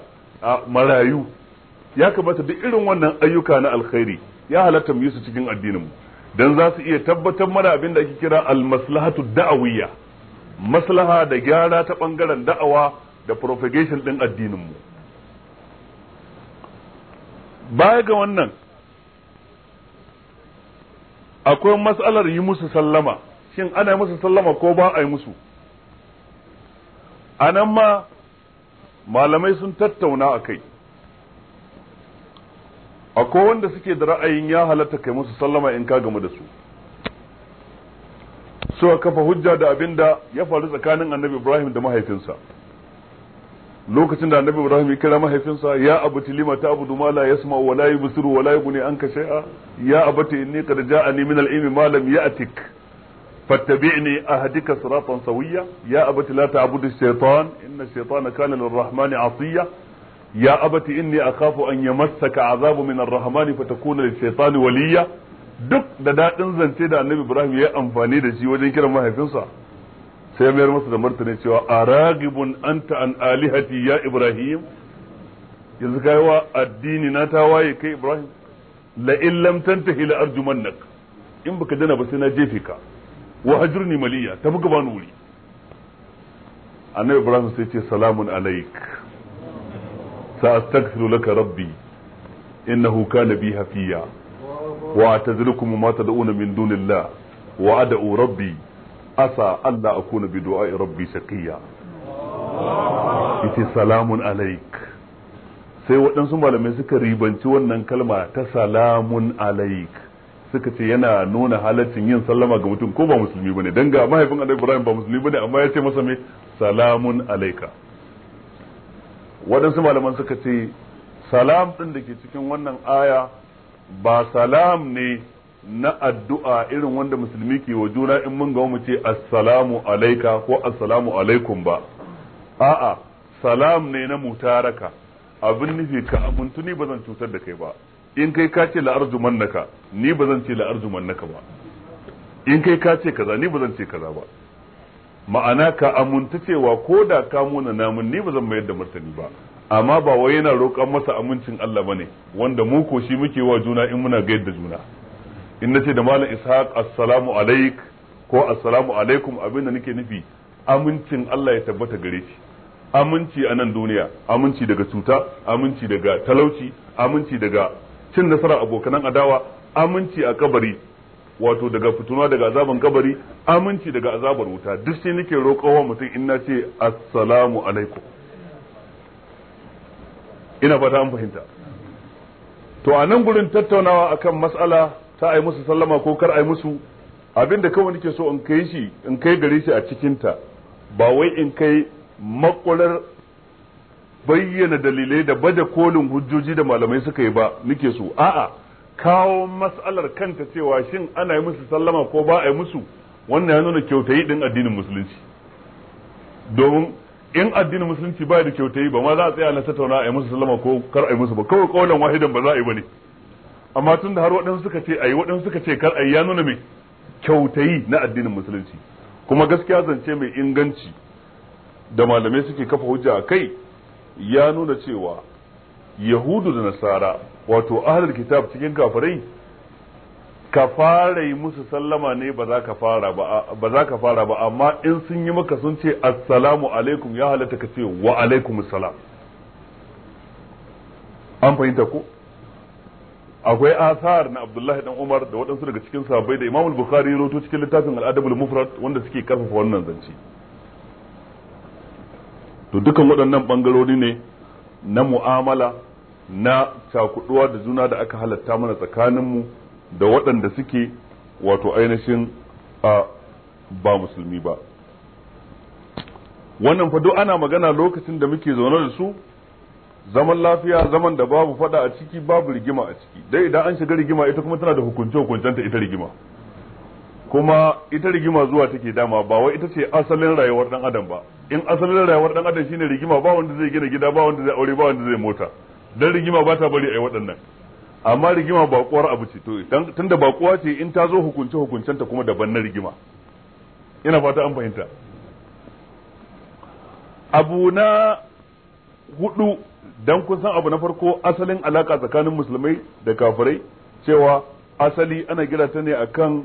marayu ya kamata duk irin wannan ayyuka na alkhairi ya halatta mu yi su cikin addinin mu dan za su iya tabbatar mana abin da ake kira almaslahatu da'awiyya maslaha da gyara ta bangaren da'awa da propagation din addinin mu baya ga wannan akwai matsalar yi musu sallama shin ana yi musu sallama ko ba a yi musu anan ma malamai sun tattauna a kai akwai wanda suke da ra'ayin ya halatta kai musu sallama in ka game da su suka kafa hujja da abin da ya faru tsakanin annabi ibrahim da mahaifinsa lokacin da annabi ibrahim ya kira mahaifinsa ya abati lima ta'budu ma la yasma wa la yubsiru wa la yughni anka shay'a ya abati inni qad ja'ani min al-ilmi ma lam ya'tik fattabi'ni ahdika siratan sawiyya ya abati la ta'budu ash-shaytan inna ash-shaytana kana lir-rahmani 'asiya ya abati inni akhafu an yamassaka 'adhabu min ar-rahmani takuna lish-shaytani waliyya duk da dadin zance da annabi ibrahim ya amfani da shi wajen kiran mahaifinsa sai mayar musu da martani cewa a ragibun anta an alihati ya ibrahim yanzu kai wa addini na ta waye kai ibrahim la in lam tantahi la arjumannak in baka dana ba sai na jefe ka wa hajurni maliya tafi ka bani wuri annabi ibrahim sai ce salamun alaik sa astaghfiru laka rabbi innahu kana bi hafiya wa atazlukum ma tad'una min dunillah wa ad'u rabbi asa Allah a akuna bi du'a rabbi shaqiya yace salamun alaik sai waɗansu malamai suka ribanci wannan kalma ta salamun alaik suka ce yana nuna halaccin yin sallama ga mutum ko ba musulmi bane dan ga mahaifin Annabi Ibrahim ba musulmi bane amma ya ce masa me salamun alaika waɗansu malaman suka ce salam ɗin da ke cikin wannan aya ba salam ne na addu'a irin wanda musulmi ke wa juna in mun ga mu ce assalamu alaika ko assalamu alaikum ba a'a salam ne na mutaraka abin nufi ka amintu ni bazan cutar da kai ba in kai ka ce la'arjuman naka ni bazan ce la'arjuman naka ba in kai ka ce kaza ni bazan ce kaza ba ma'ana ka amunta cewa ko da ka muna namun ni bazan mayar da martani ba amma ba wai yana roƙon masa amincin Allah bane wanda mu ko shi muke wa juna in muna ga yadda juna in nace da malam ishaq assalamu alaik ko assalamu alaikum abinda nake nufi amincin Allah ya tabbata gare shi aminci a nan duniya aminci daga cuta aminci daga talauci aminci daga cin nasarar abokanan adawa aminci a kabari wato daga fituna daga azaban kabari aminci daga azabar wuta duk sai nake wa mutum in nace assalamu alaikum ina fata an fahimta to a nan gurin tattaunawa akan mas'ala ta ai musu sallama ko kar ai musu abinda kawai nake so in kai shi in kai gare shi a cikin ta ba wai in kai makular bayyana dalilai da bada kolin hujjoji da malamai suka yi ba nake so a'a kawo mas'alar kanta cewa shin ana yi musu sallama ko ba a yi musu wannan ya nuna kyautayi din addinin musulunci domin in addinin musulunci ba da kyautayi ba ma za a tsaya na tattauna a yi musu sallama ko kar a musu ba kawai kaulan wahidan ba za a yi ba ne amma tun da har waɗansu suka ce ayi waɗansu suka ce kar ayi ya nuna mai kyautayi na addinin musulunci kuma gaskiya zance mai inganci da malamai suke kafa hujja a kai ya nuna cewa yahudu da nasara wato ahalar kitab cikin kafirai ka fara yi musu sallama ne ba za ka fara ba amma in sun yi maka sun ce assalamu alaikum ya halatta ka ce wa alaikum salam an fahimta ko akwai asar na Abdullahi dan Umar da waɗansu daga cikin sahabbai da imamul Bukhari ya roto cikin littafin al'adabul Mufrad wanda suke karfafa wannan zance to dukan waɗannan bangarori ne na mu'amala na cakuduwa da juna da aka halatta mana tsakaninmu da waɗanda suke wato ainihin a ba musulmi ba wannan fa ana magana lokacin da muke zaune da su zaman lafiya zaman da babu fada a ciki babu rigima a ciki dai idan an shiga rigima ita kuma tana da hukunce hukuncenta ita rigima kuma ita rigima zuwa take dama ba wai ita ce asalin rayuwar dan adam ba in asalin rayuwar dan adam shine rigima ba wanda zai gina gida ba wanda zai aure ba wanda zai mota dan rigima ba ta bari ai waɗannan amma rigima ba kuwar abu ce to tunda ba kuwa ce in ta zo hukunce hukuncenta kuma daban na rigima ina fata an fahimta abu na hudu dan kun san abu na farko asalin alaka tsakanin musulmai da kafirai cewa asali ana gida ta ne akan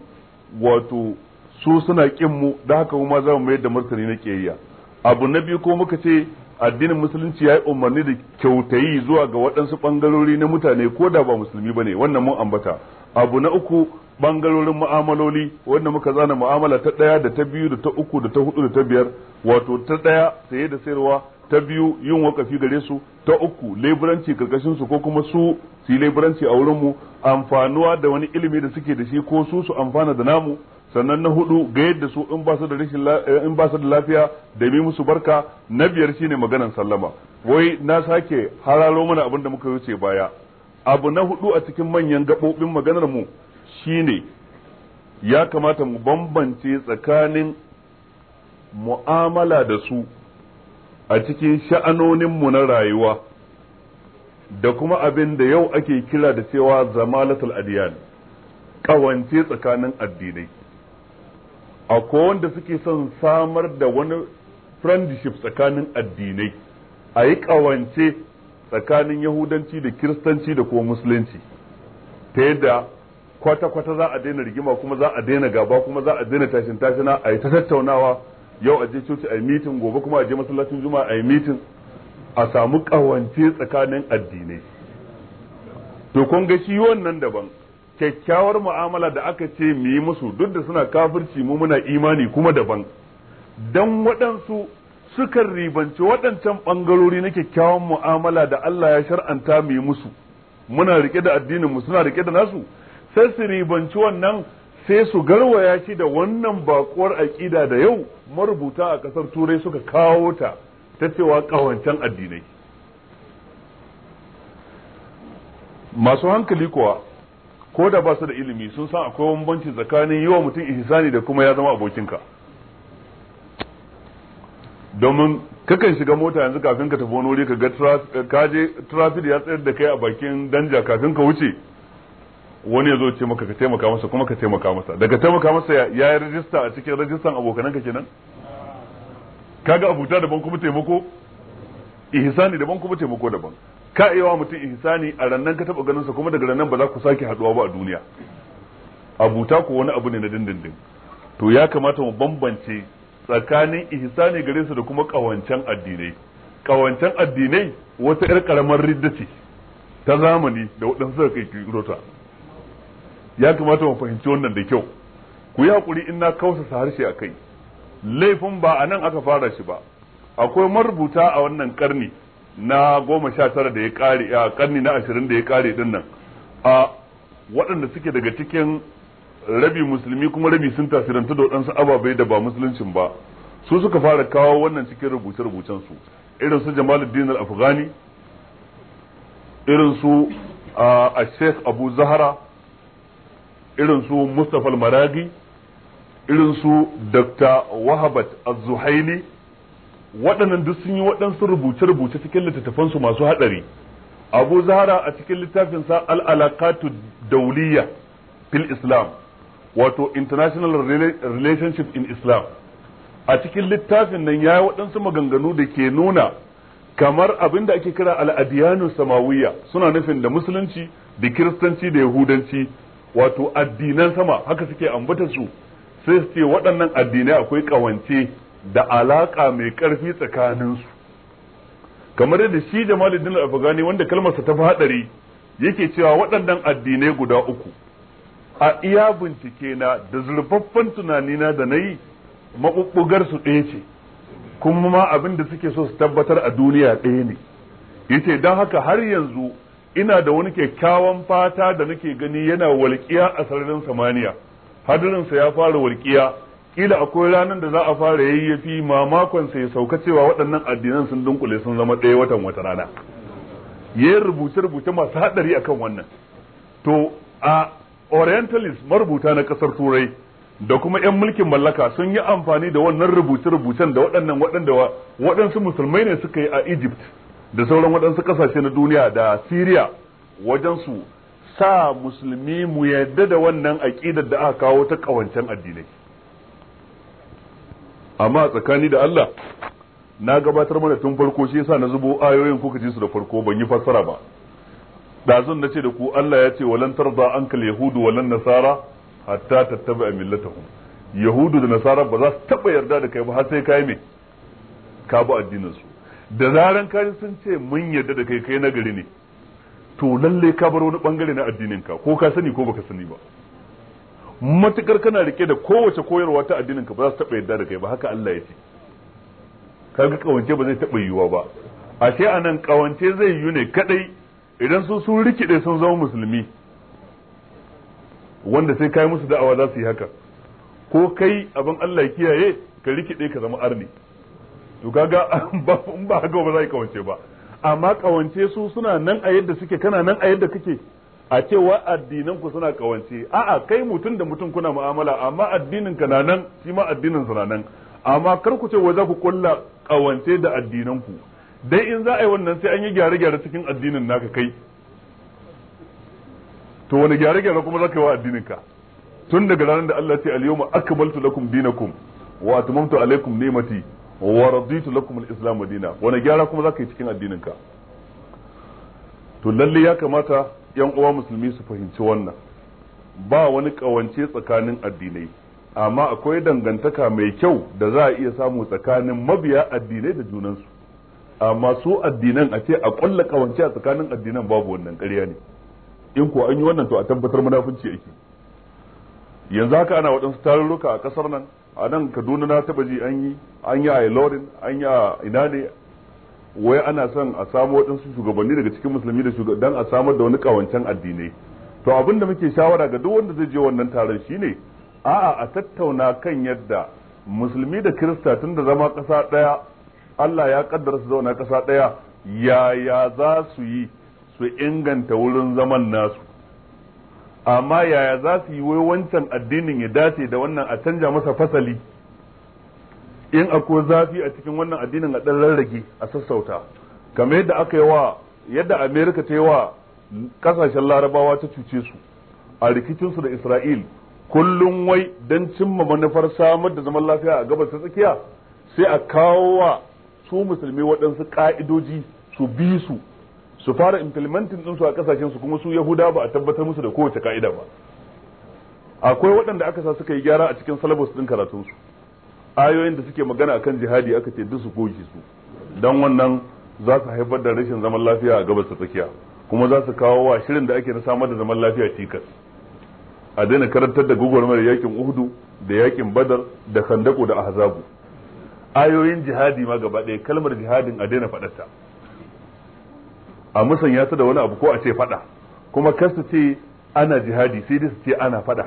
wato su suna kin mu da haka kuma za mu mayar da martani na kiyayya abu na biyu ko muka ce addinin musulunci ya yi umarni da kyautayi zuwa ga waɗansu ɓangarori na mutane ko da ba musulmi ba ne wannan mun ambata abu na uku bangarorin mu'amaloli wanda muka zana mu'amala ta ɗaya da ta biyu da ta uku da ta hudu da ta biyar wato ta ɗaya saye da sayarwa ta biyu yin wakafi gare su ta uku leburanci karkashin su ko kuma su su leburanci a wurin mu amfanuwa da wani ilimi da suke da shi ko su su amfana da namu sannan na hudu ga yadda su in ba su da rashin eh, da lafiya da mi musu barka na biyar shine maganan sallama wai na sake hararo mana abin da muka wuce baya abu na hudu a cikin manyan gabobin maganar mu shine ya kamata mu bambance tsakanin mu'amala da su a cikin sha'anoninmu na rayuwa da kuma abin da yau ake kira da cewa zamalatul adiyan kawance tsakanin addinai akwai wanda suke son samar da wani friendship tsakanin addinai a yi kawance tsakanin yahudanci da kiristanci da kuma musulunci ta yadda kwata-kwata za a daina rigima kuma za a daina gaba kuma za a daina tashin tashina a yi ta tattaunawa yau a je coci a yi mitin gobe kuma a je masallacin zuma a yi mitin a samu kawance tsakanin addinai to kun ga shi wannan daban kyakkyawar mu'amala da aka ce mu yi musu duk da suna kafirci mu muna imani kuma daban dan waɗansu sukan ribanci waɗancan ɓangarori na kyakkyawan mu'amala da Allah ya shar'anta mu yi musu muna rike da addinin mu suna rike da nasu sai su ribanci wannan sai su garwaya shi da wannan bakuwar aƙida da yau marubuta a ƙasar turai suka kawo ta ta cewa ƙawancen addinai masu hankali kuwa ko da ba su da ilimi sun san akwai bambanci tsakanin yi wa mutum ihsani da kuma ya zama abokinka domin kakan shiga mota yanzu kafin ka tafi wani wuri ka ga traffic ya tsayar da kai a bakin danja kafin ka wuce wani ya zo ce maka ka taimaka masa kuma ka taimaka masa daga taimaka masa ya yi rajista a cikin rajistan abokananka kenan kaga abuta daban kuma taimako ihsani daban kuma taimako daban ka iya wa mutum ihsani a rannan ka taba ganin sa kuma daga rannan ba za ku sake haduwa ba a duniya abuta ko wani abu ne na dindindin to ya kamata mu bambance tsakanin ihsani gare su da kuma kawancan addinai kawancan addinai wata 'yar karamar ridda ce ta zamani da waɗansu suka kai kirota ya kamata mu fahimci wannan da kyau ku yi hakuri in na kausasa harshe a kai laifin ba a nan aka fara shi ba akwai marubuta a wannan karni na goma sha tara da ya kare a karni na ashirin da ya kare din nan a waɗanda suke daga cikin rabi musulmi kuma rabi sun tasirantu da waɗansu ababai da ba musuluncin ba su suka fara kawo wannan cikin rubuce-rubucen su irin su jamaluddin al-afghani irin su a sheikh abu zahara irin su Mustapha Maragi irin su Dr. Wahabat Az-Zuhaili waɗannan duk sun yi waɗansu rubuce-rubuce cikin littattafansu masu haɗari Abu Zahra a cikin littafin sa Al-Alaqatu Dawliya fil Islam wato International Relationship in Islam a cikin littafin nan ya yi waɗansu maganganu da ke nuna kamar abin da ake kira al'adiyanu samawiya suna nufin da musulunci da kiristanci da yahudanci wato addinan sama haka suke ambata su sai su ce waɗannan addinai akwai ƙawance da alaƙa mai ƙarfi tsakaninsu kamar yadda shi jamaluddin din afghani wanda kalmarsa ta hadari yake cewa waɗannan addinai guda uku a iya bincike na da zurfaffen tunanina da na yi maɓuɓɓugar su ɗaya ce kuma ma abin da suke so su tabbatar a duniya ɗaya ne yace don haka har yanzu ina da wani kyakkyawan fata da nake gani yana walƙiya a sararin samaniya hadirinsa ya fara walƙiya kila akwai ranar da za a fara yayyafi mamakon ya sauka cewa waɗannan addinan sun dunkule sun zama ɗaya watan wata rana ya rubuce-rubuce masu haɗari akan wannan to a orientalist marubuta na ƙasar turai da kuma 'yan mulkin mallaka sun yi amfani da wannan rubuce-rubucen da waɗannan waɗanda waɗansu musulmai ne suka yi a egypt da sauran waɗansu ƙasashe na duniya da Siriya wajen su sa musulmi mu yadda da wannan aƙidar da aka kawo ta ƙawancen addinai amma tsakani da Allah na gabatar mana tun farko shi yasa na zubo ayoyin kuka ji su da farko ban yi fassara ba dazun na ce da ku Allah ya ce walan an kal yahudu walan nasara hatta tattaba millatahum yahudu da nasara ba za su taɓa yarda da kai ba har sai kai mai ka bi addinin su da zaran kai sun ce mun yarda da kai kai na gari ne to lalle ka bar wani bangare na addinin ka ko ka sani ko baka sani ba matukar kana rike da kowace koyarwa ta addinin ka ba za su taba yarda da kai ba haka Allah ya ce kaga kawance ba zai taba yiwuwa ba ashe anan kawance zai yiwu ne kadai idan su sun rikide sun zama musulmi wanda sai kai musu da'awa za su yi haka ko kai abin Allah kiyaye ka rikide ka zama arni to kaga <laughs> in ba haka ba za ka kawance ba amma kawance su suna nan a yadda suke kana nan a yadda kake a cewa addinan ku suna kawance a'a kai mutum da mutum kuna mu'amala amma addinin ka na nan shi ma addinin su na nan amma kar ku ce wai za ku kulla kawance da addinan ku dai in za a yi wannan sai an yi gyare-gyare cikin addinin naka kai to wani gyare-gyare kuma za ka yi wa addinin ka tun daga ranar da Allah ce al-yawma akmaltu lakum dinakum wa atmamtu alaykum ni'mati wa raditu lakum al-islam dina wani gyara kuma zaka yi cikin addininka ka to lalle ya kamata yan uwa musulmi su fahimci wannan ba wani kawance tsakanin addinai amma akwai dangantaka mai kyau da za a iya samu tsakanin mabiya addinai da junansu amma su addinan a ce a kulla kawance a tsakanin addinan babu wannan ƙarya ne in ko an yi wannan to a tabbatar munafunci yake yanzu haka ana waɗansu tarurruka a kasar nan a nan kaduna na taba ji an yi an yi a ilorin an yi a ina ne wai ana son a samu waɗansu shugabanni daga cikin musulmi da shugaban dan a samar da wani kawancen addinai to abin da muke shawara ga duk wanda zai je wannan taron shine a'a a tattauna kan yadda musulmi da kirista tun da zama ƙasa ɗaya Allah ya kaddara su zauna ƙasa ɗaya yaya za su yi su inganta wurin zaman nasu amma yaya za su yi wai wancan addinin ya dace da wannan a canja masa fasali in akwai zafi a cikin wannan addinin a ɗan rarrage a sassauta kamar yadda aka yi wa yadda amerika ta yi wa kasashen larabawa ta cuce su a rikicinsu da isra'il kullum wai don cimma manufar samar da zaman lafiya a gabas ta tsakiya sai a kawo wa su musulmi waɗansu ƙa'idoji su bi su su fara implementing din su a kasashen su kuma su yahuda ba a tabbatar musu da kowace ka'ida ba akwai waɗanda aka sa suka yi gyara a cikin salabus din karatun su ayoyin da suke magana akan jihadi aka ce duk su goge su dan wannan za su haifar da rashin zaman lafiya a gabas ta tsakiya kuma za su kawo wa shirin da ake na samar da zaman lafiya cikas a daina karantar da gwagwarmar yakin uhudu da yakin badar da kandako da ahzabu ayoyin jihadi ma gaba ɗaya kalmar jihadin a daina faɗarta a musanya su da wani abu ko a ce fada kuma kar su ce ana jihadi sai dai su ce ana fada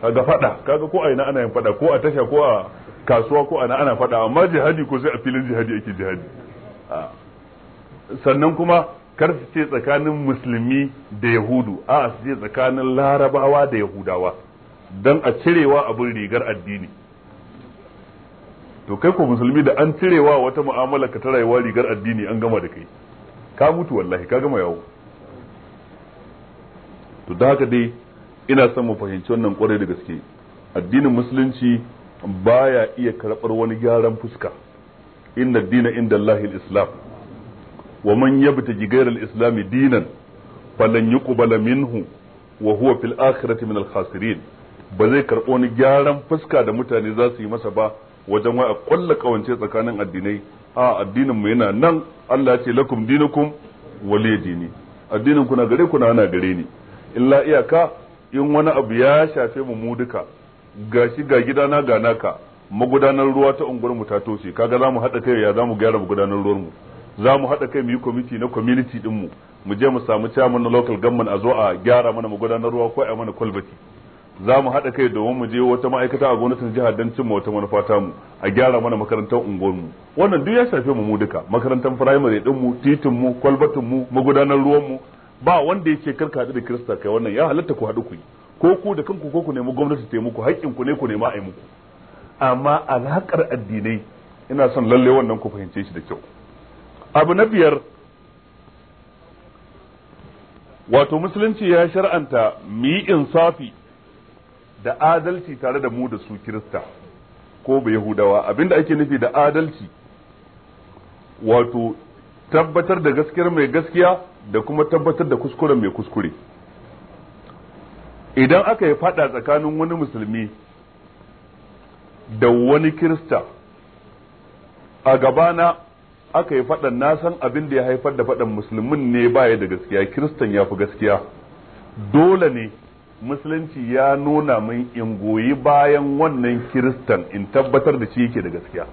kaga fada kaga ko a ina ana yin fada ko a tasha ko a kasuwa ko ana ana fada amma jihadi ko sai a filin jihadi ake jihadi sannan kuma kar su ce tsakanin musulmi da yahudu a su ce tsakanin larabawa da yahudawa don a cirewa abin rigar addini to kai ko musulmi da an cirewa wata mu'amala ka ta rayuwa rigar addini an gama da kai ka mutu wallahi ka gama yawo to da haka dai ina son mu fahimci wannan kwarai da gaske addinin musulunci baya iya karɓar wani gyaran fuska inna dina inda Allah islam wa man yabta ghayra islam dinan falan yuqbala minhu wa huwa fil akhirati min al-khasirin ba zai karɓo wani gyaran fuska da mutane za su yi masa ba wajen wai a ƙwalla ƙawance tsakanin addinai a addinin mu yana nan Allah ya ce lakum dinukum waliy dini addinin ku na gare ku na gare ni illa iyaka in wani abu ya shafe mu mu duka gashi ga gidana ga naka magudanar ruwa ta unguwar mu ta toshe kaga za mu haɗa kai ya za mu gyara magudanar ruwan mu za mu haɗa kai mu yi kwamiti na community din mu mu je mu samu chairman na local government a zo a gyara mana magudanar ruwa ko a mana kwalbati za mu haɗa kai domin mu je wata ma'aikata a gwamnatin jihar don cimma wata manufa mu a gyara mana makarantar unguwarmu wannan duk ya shafe mu mu duka makarantar firamare din mu titin mu kwalbatin mu magudanar ruwan mu ba wanda yake kar ka haɗu da kirista kai wannan ya halatta ku haɗu ku yi ko ku da kanku ko ku nemi gwamnati ta muku haƙƙin ku ne ku nema a muku amma alaƙar addinai ina son lalle wannan ku fahimce shi da kyau abu na biyar wato musulunci ya shar'anta mu yi insafi da adalci tare da mu da su kirista ko ba yahudawa abinda ake nufi da adalci wato tabbatar da gaskiyar mai gaskiya da kuma tabbatar da kuskuren mai kuskure idan aka yi fada tsakanin wani musulmi da wani kirista a gabana aka yi fadan na san abin da ya haifar da fadan musulmin ne baya da gaskiya kiristan ya fi gaskiya dole ne musulunci ya nuna min in goyi bayan wannan kiristan in tabbatar da shi yake da gaskiya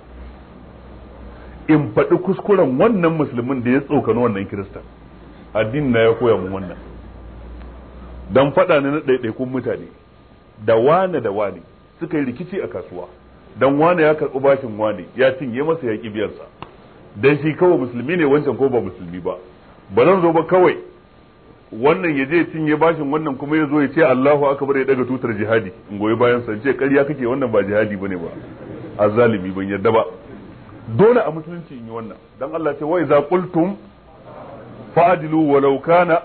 in faɗi kuskuren wannan musulmin da ya tsokano wannan kiristan addini na ya koya mun wannan Don faɗa ne na ɗaiɗaikun mutane da wane da wane suka yi rikici a kasuwa Don wane ya karɓi bashin wane ya cinye masa ya ƙi biyarsa dan shi kawai musulmi ne wancan ko ba musulmi ba ba zan zo ba kawai wannan ya je cinye bashin wannan kuma ya zo ya ce Allahu akbar ya daga tutar jihadi in goyi bayan sa ce ƙarya kake wannan ba jihadi bane ba azzalimi ban yarda ba dole a musulunci in yi wannan dan Allah ce wa iza qultum fa'dilu walau kana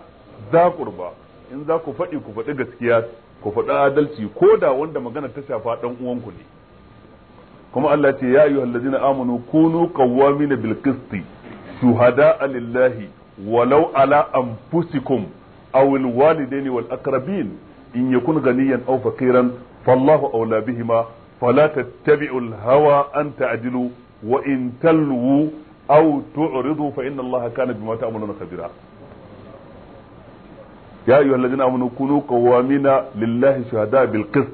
za qurba in za ku faɗi ku faɗi gaskiya ku faɗi adalci ko da wanda magana ta shafa dan uwanku ne kuma Allah ce ya ayyuhallazina amanu kunu qawwamina bil shuhada a lillahi ولو على أنفسكم أو الوالدين والأقربين إن يكن غنيا أو فقيرا فالله أولى بهما فلا تتبعوا الهوى أن تعدلوا وإن تلووا أو تعرضوا فإن الله كان بما تعملون خبيرا يا أيها الذين آمنوا كونوا قوامين لله شهداء بالقسط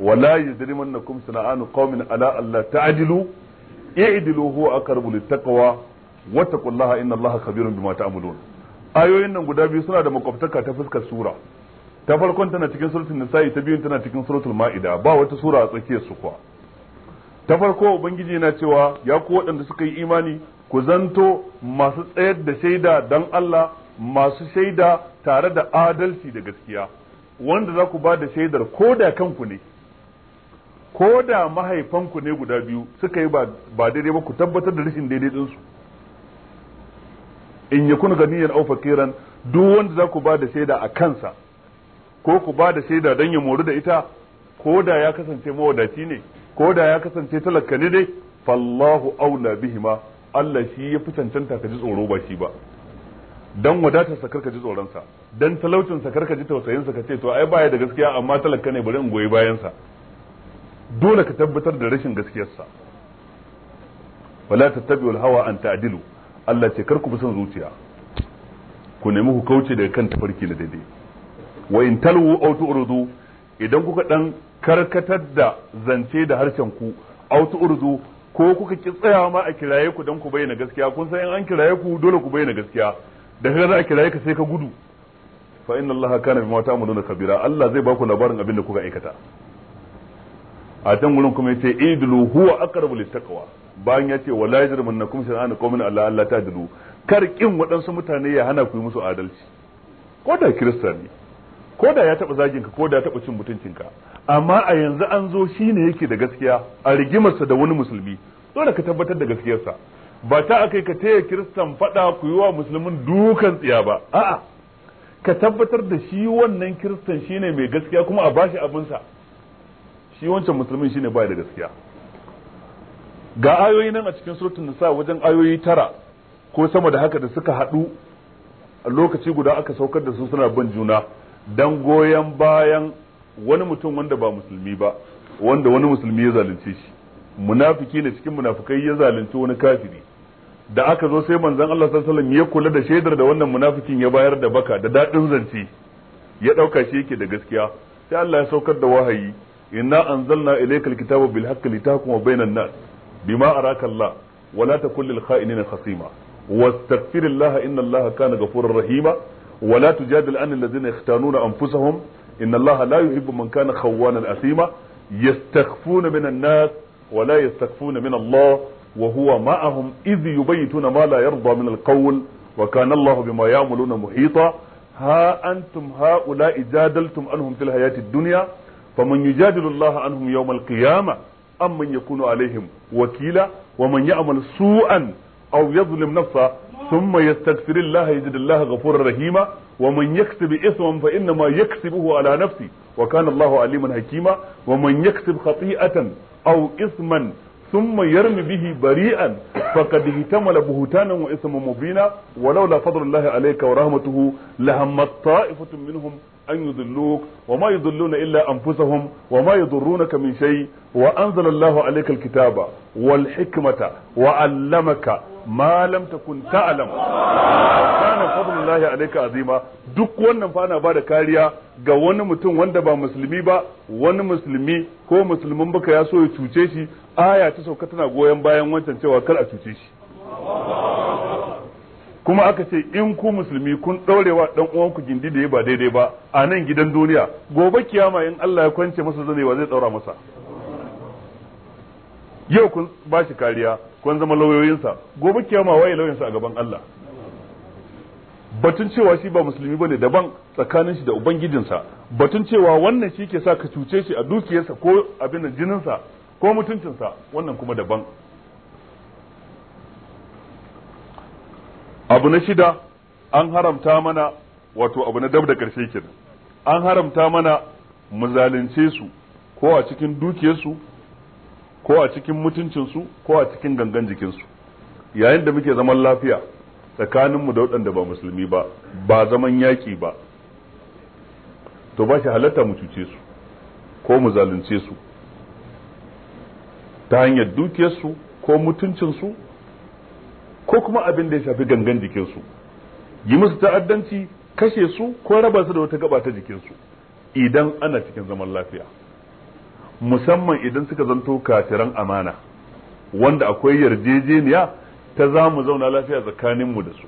ولا يجرمنكم سنآن قوم على ألا تعدلوا اعدلوا هو أقرب للتقوى wattaqullaha innallaha khabirun bima ta'malun ayoyin nan guda biyu suna da makwabtaka ta fuskar sura ta farkon tana cikin suratul nisa'i ta biyun tana cikin suratul ma'ida ba wata sura a tsakiyar su kuwa ta farko ubangiji yana cewa ya ku waɗanda suka yi imani ku zanto masu tsayar da shaida dan Allah masu shaida tare da adalci da gaskiya wanda za ku ba da shaidar ko da kanku ne ko da mahaifanku ne guda biyu suka yi ba daidai ba ku tabbatar da rashin daidai ɗinsu in ya yakun ganiyan aw fakiran duk wanda za ku ba da shaida a kansa ko ku ba da shaida don ya moru da ita ko da ya kasance mawadaci ne ko da ya kasance talaka ne dai fallahu aula ma. Allah shi ya fi cancanta ka ji tsoro ba shi ba dan wadatar sakar ka ji tsoronsa dan talaucin sakar ka ji tausayin sa ka ce to ai baya da gaskiya amma talaka ne bari in goyi bayan sa dole ka tabbatar da rashin gaskiyarsa wala tattabi'ul hawa an ta'dilu Allah ce kar ku bi son zuciya ku nemi ku kauce daga kan tafarki na daidai wa in talwu aw tu'ridu idan kuka dan karkatar da zance da harshen ku aw tu'ridu ko kuka ki tsaya ma a kiraye ku dan ku bayyana gaskiya kun san in an kiraye ku dole ku bayyana gaskiya da kaga za a kiraye ka sai ka gudu fa inna allaha kana bima ta'maluna kabira Allah zai ba ku labarin abin da kuka aikata a can gurin kuma yace idlu huwa aqrabu littaqwa bayan yace wala yajrimannakum na qaumin alla alla ta'dilu kar kin waɗansu mutane ya hana ku yi musu adalci ko da kirista ne ko da ya taba zagin ka ko da ya taba cin mutuncin ka amma a yanzu an zo shine yake da gaskiya a rigimarsa da wani musulmi dole ka tabbatar da gaskiyarsa ba ta akai ka taya kiristan fada ku yi wa musulmin dukan tsiya ba a'a ka tabbatar da shi wannan kiristan shine mai gaskiya kuma a bashi abinsa shi wancan musulmin shine bai da gaskiya ga ayoyi nan a cikin suratul nisa wajen ayoyi tara ko sama da haka da suka haɗu a lokaci guda aka saukar da su suna bin juna dan goyon bayan wani mutum wanda ba musulmi ba wanda wani musulmi ya zalunce shi munafiki ne cikin munafikai ya zalunci wani kafiri da aka zo sai manzon Allah sallallahu alaihi wasallam ya kula da shaidar da wannan munafikin ya bayar da baka da dadin zance ya dauka shi yake da gaskiya sai Allah ya saukar da wahayi إنا أنزلنا إليك الكتاب بالحق لتحكم بين الناس بما أراك الله ولا تكن للخائنين خصيما واستغفر الله إن الله كان غفورا رحيما ولا تجادل عن الذين يختانون أنفسهم إن الله لا يحب من كان خوانا أثيما يستخفون من الناس ولا يستخفون من الله وهو معهم إذ يبيتون ما لا يرضى من القول وكان الله بما يعملون محيطا ها أنتم هؤلاء جادلتم عنهم في الحياة الدنيا faman yujadilu Allah anhum yawmal qiyamah amman yakunu alaihim wakila wa man ya'mal su'an aw yadhlim nafsa thumma yastaghfir Allah yajid Allah ghafurar rahima wa man yaksib ithman fa inna ma yaksibuhu ala nafsi wa kana Allah aliman hakima wa yaksib khati'atan aw ithman ثم يرمي به بريئا فقد اهتمل بهتانا واثما مبينا ولولا فضل الله عليك ورحمته لهم الطائفه منهم an yudilluk wa ma yudulluna illa anfusahum wa ma yadurrunaka min shay wa anzala Allahu alayka alkitaba wal hikmata wa allamaka ma lam takun ta'lam kana fadlullahi alayka azima duk wannan fa ana bada kariya ga wani mutum wanda ba musulmi ba wani musulmi ko musulmin baka ya so ya cuce shi aya ta sauka tana goyon bayan wancan cewa kar a cuce shi kuma aka ce in ku musulmi kun ɗaure wa ɗan uwanku gindi da ya ba daidai ba a nan gidan duniya gobe kiyama in Allah ya kwance masa wa zai ɗaura masa yau kun ba shi kariya kun zama lauyoyinsa gobe kiyama waye lauyinsa a gaban Allah batun cewa shi ba musulmi bane daban tsakanin shi da ubangijinsa batun cewa wannan shi ke sa ka cuce shi a dukiyarsa ko abin jininsa ko mutuncinsa wannan kuma daban abu na shida an haramta mana wato abu na dab da ƙarshe kenan an haramta mana mu zalunce su ko a cikin dukiyarsu ko a cikin mutuncinsu ko a cikin gangan jikinsu yayin da muke zaman lafiya tsakaninmu da waɗanda ba musulmi ba ba zaman yaƙi ba to ba shi halatta mu cuce su ko mu zalunce su ta hanyar dukiyarsu ko mutuncinsu ko kuma abin da ya shafi gangan jikinsu yi musu ta'addanci kashe su ko raba su da wata gaba ta jikinsu idan ana cikin zaman lafiya musamman idan suka zanto kafiran amana wanda akwai yarjejeniya ta za mu zauna lafiya tsakaninmu da su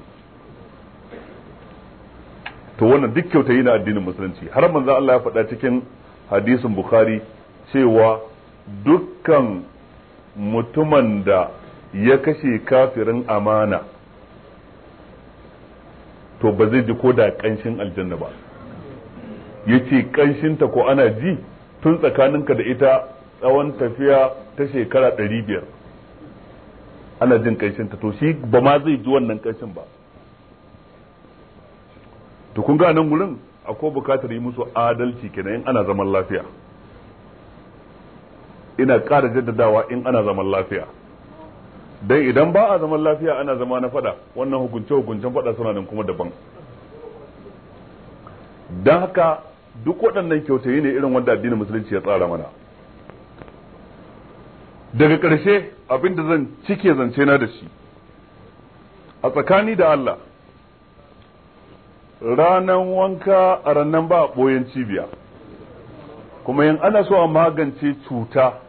to wannan duk yi na addinin musulunci har manzo Allah ya faɗa cikin hadisin bukhari cewa dukkan mutumin da ya kashe kafirin amana to ba zai ji ko da kanshin aljanna ba yace kanshinta ko ana ji tun tsakaninka da ita tsawon tafiya ta shekara ɗari biyar ana jin kanshinta to shi ba ma zai ji wannan kanshin ba to kun ga nan gurin akwai bukatar yi musu adalci kenan in ana zaman lafiya ina ƙara jaddadawa in ana zaman lafiya dan idan ba a zaman lafiya ana zama na fada wannan hukunce hukuncen fada suna nan kuma daban dan haka duk waɗannan kyautayi ne irin wanda addinin musulunci ya tsara mana daga ƙarshe abin da zan cike zance na da shi a tsakani da Allah ranan wanka a ranan ba a ɓoyen cibiya kuma yin ana so a magance cuta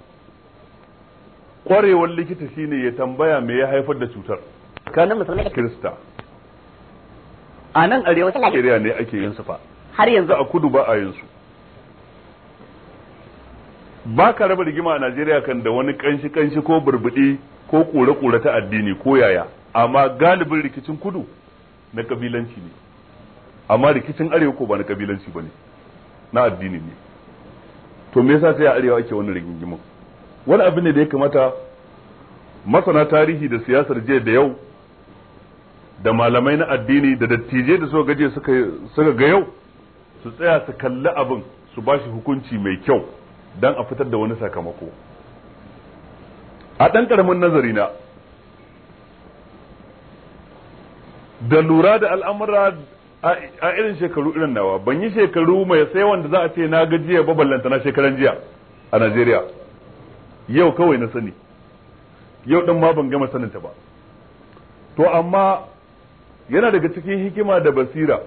kwarewar likita shine ya tambaya me ya haifar da cutar kanin musulmai kirista a nan arewacin Najeriya ne ake yin su fa har yanzu a kudu ba a yin su ba ka raba rigima a Najeriya kan da wani kanshi kanshi ko burbudi ko ƙura-ƙura ta addini ko yaya amma galibin rikicin kudu na kabilanci ne amma rikicin arewa ko ba na kabilanci ba ne na addini ne to me yasa sai a arewa ake wani rigingimin wani abin ne da ya kamata masana tarihi da siyasar jiya da yau da malamai na addini da dattijai da suka gaje suka ga yau su tsaya su kalli abin su bashi hukunci mai kyau don a fitar da wani sakamako a ɗan ƙaramin nazari na da lura da al'amura a irin shekaru irin nawa ban yi shekaru mai sai wanda za a ce na gajiya ba ballanta na shekaran jiya a Najeriya yau kawai na sani yau ɗan ma ban gama ta ba to amma yana daga cikin hikima da basira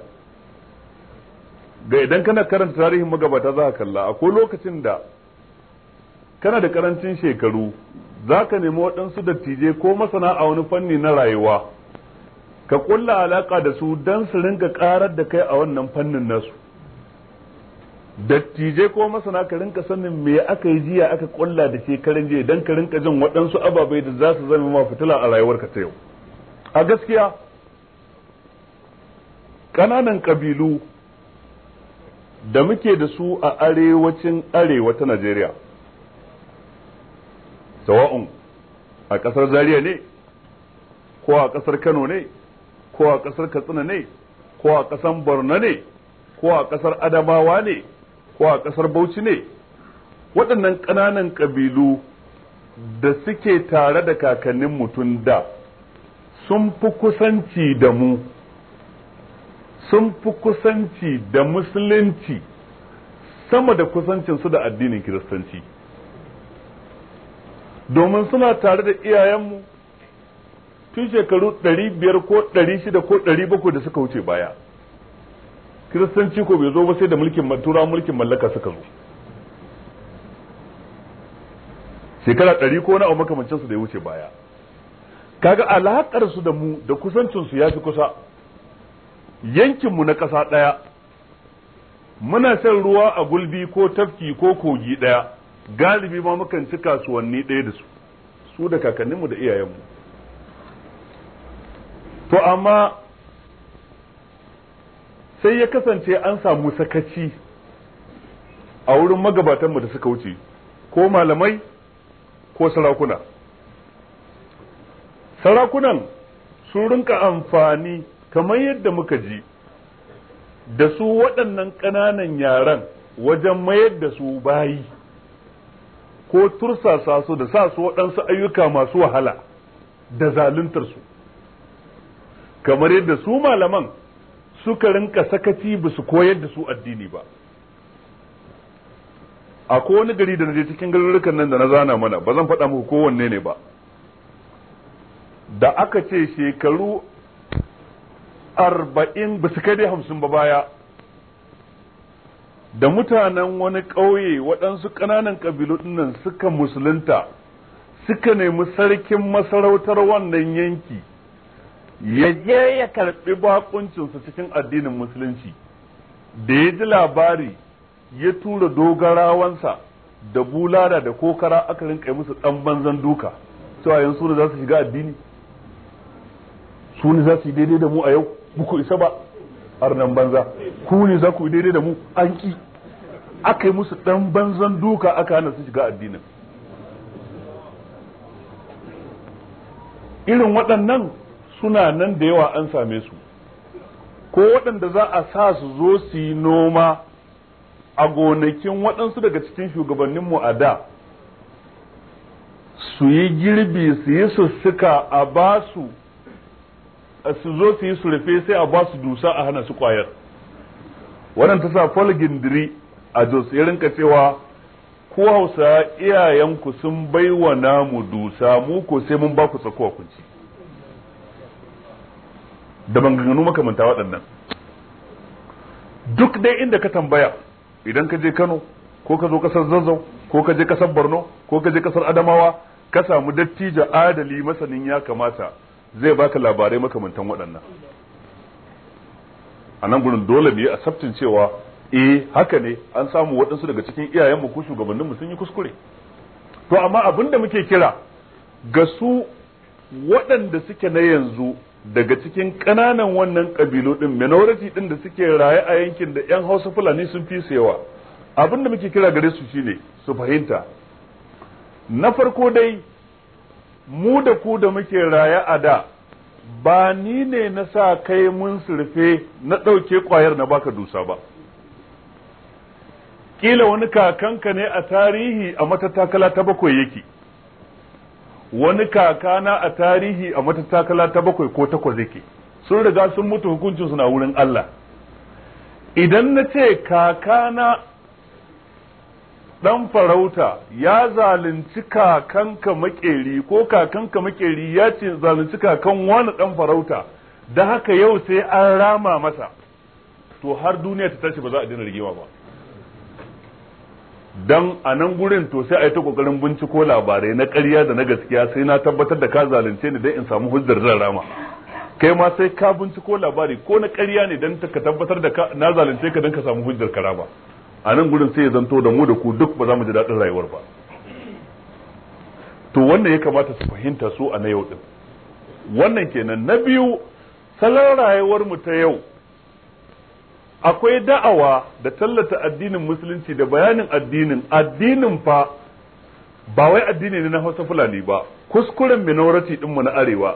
ga idan kana karanta tarihin magabata za ka kalla akwai lokacin da kana da karancin shekaru za ka nemi waɗansu dattijai ko masana a wani fanni na rayuwa ka kulla alaƙa da su don su ringa ƙarar da kai a wannan fannin nasu dattijai ko masana ka rinka sanin me aka yi jiya aka kulla da shekarun jiya dan ka rinka jin waɗansu ababai da za su zama ma fitila a rayuwarka ta yau a gaskiya ƙananan ƙabilu da muke da su a arewacin arewa ta Najeriya sawa'un a ƙasar Zaria ne ko a ƙasar Kano ne ko a ƙasar Katsina ne ko a ƙasar Borno ne ko a ƙasar Adamawa ne ko a ƙasar bauchi ne waɗannan ƙananan ƙabilu da suke tare da kakannin mutum da sun fi kusanci da mu sun fi kusanci da musulunci sama da kusancinsu da addinin kiristanci domin suna tare da iyayenmu tun shekaru 500 ko 600 ko 700 da suka wuce baya kiristanci ko bai zo ba sai da mulkin matura mulkin mallaka suka zo shekara ɗari ko na a su da ya wuce baya kaga alaƙar su da mu da kusancinsu su ya fi kusa yankinmu na ƙasa ɗaya muna shan ruwa a gulbi ko tafki ko kogi ɗaya galibi ma mukan ci kasuwanni ɗaya da su su da kakanninmu da iyayenmu to amma sai ya kasance an samu sakaci a wurin magabatanmu da suka wuce ko malamai ko sarakuna sarakunan sun rinka amfani kamar yadda muka ji da su waɗannan ƙananan yaran wajen mayar da su bayi ko tursasa su da sa su waɗansu ayyuka masu wahala da zaluntarsu kamar yadda su malaman suka rinka sakaci ba su koyar da su addini ba a wani gari da na je cikin garurrukan nan da na zana mana ba zan faɗa muku kowanne ne ba da aka ce shekaru arba'in ba su kai dai hamsin ba baya da mutanen wani ƙauye waɗansu ƙananan ƙabilu nan suka musulunta suka nemi sarkin masarautar wannan yanki ya je ya karɓi bakuncinsa cikin addinin musulunci da ya ji labari ya tura dogarawansa da bulada da kokara aka rinka musu ɗan banzan duka cewa yanzu ne za su shiga addini su ne za su yi daidai da mu a yau buku isa ba arnan banza ku ne za ku yi daidai da mu an ki aka yi musu ɗan banzan duka aka hana su shiga addinin irin waɗannan suna nan da yawa an same su ko waɗanda za a sa su zo su yi noma a gonakin waɗansu daga cikin shugabanninmu a da su yi girbi su yi sussuka a ba su su zo su yi surfe sai a ba su dusa a hana su kwayar wannan ta sa Paul Gindiri a Jos ya cewa ko Hausa iyayenku sun baiwa namu dusa mu ko sai mun ba ku tsakowa kunci da maganganu makamanta waɗannan duk dai inda ka tambaya idan ka je Kano ko ka zo kasar Zazzau ko ka je kasar Borno ko ka je kasar Adamawa ka samu dattijo adali masanin ya kamata zai baka labarai makamantan waɗannan a nan gurin dole ne a sabtin cewa eh haka ne an samu waɗansu daga cikin iyayenmu ko shugabanninmu sun yi kuskure to amma abin da muke kira ga su waɗanda suke na yanzu daga cikin ƙananan wannan ƙabilu ɗin minority ɗin da suke raye a yankin da 'yan hausa fulani sun fi yawa abin da muke kira gare su shine su fahimta na farko dai mu da ku da muke raye a da ba ni ne na sa kai mun surfe na ɗauke ƙwayar na baka dusa ba kila wani kakanka ne a tarihi a matattakala ta bakwai yake wani kakana a tarihi a matattakala ta bakwai ko takwas yake sun riga sun mutu hukuncin suna wurin Allah idan na ce kakana dan farauta ya zalunci kakanka makeri ko kakanka makeri ya ce zalunci kakan wani dan farauta da haka yau sai an rama masa to har duniya ta tashi ba za a dina rigewa ba dan a nan gurin to sai a yi ta kokarin binciko labarai na ƙarya da na gaskiya sai na tabbatar da ka zalunce ni dai in samu hujjar zan rama kai ma sai ka binciko labari ko na ƙarya ne dan ka tabbatar da na zalunce ka dan ka samu hujjar rama a nan gurin sai ya zanto da mu da ku duk ba za mu ji daɗin rayuwar ba to wannan ya kamata su fahimta su a na yau din wannan kenan na biyu salon rayuwar mu ta yau akwai da'awa da tallata addinin musulunci da bayanin addinin addinin fa ba wai addini ne na hausa fulani ba kuskuren minority dinmu na arewa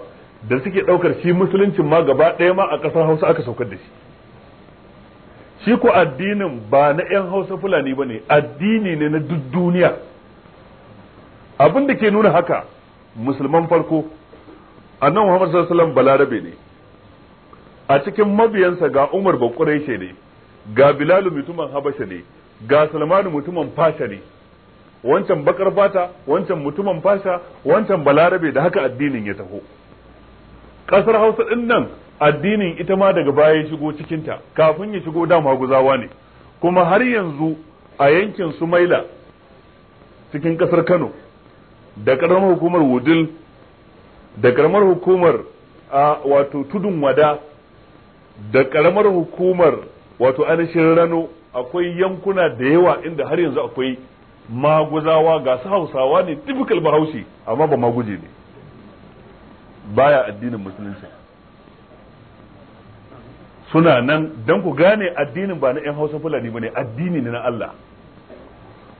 da suke ɗaukar shi musuluncin ma gaba ɗaya ma a ƙasar hausa aka saukar da shi shi ko addinin ba na 'yan hausa fulani ba ne addini ne na duk duniya abin da ke nuna haka musulman farko annan muhammad sallallahu alaihi wasallam balarabe ne a cikin mabiyansa ga Umar Bakuraishe ne ga Bilal mutumin Habasha ne ga Sulman mutumin Fasha ne wancan bakar fata wancan mutumin Fasha wancan Balarabe da haka addinin ya taho kasar Hausa din nan addinin ita ma daga baya ya shigo cikin ta kafin ya shigo dama guzawa ne kuma har yanzu a yankin Sumaila cikin kasar Kano da karamar hukumar Wudil da karamar hukumar a wato tudun wada da karamar hukumar wato ainihin rano akwai yankuna da yawa inda har yanzu akwai maguzawa ga su hausawa ne typical bahaushe amma ba maguje ne baya addinin musulunci suna nan don ku gane addinin ba na 'yan hausa fulani ba ne addini ne na Allah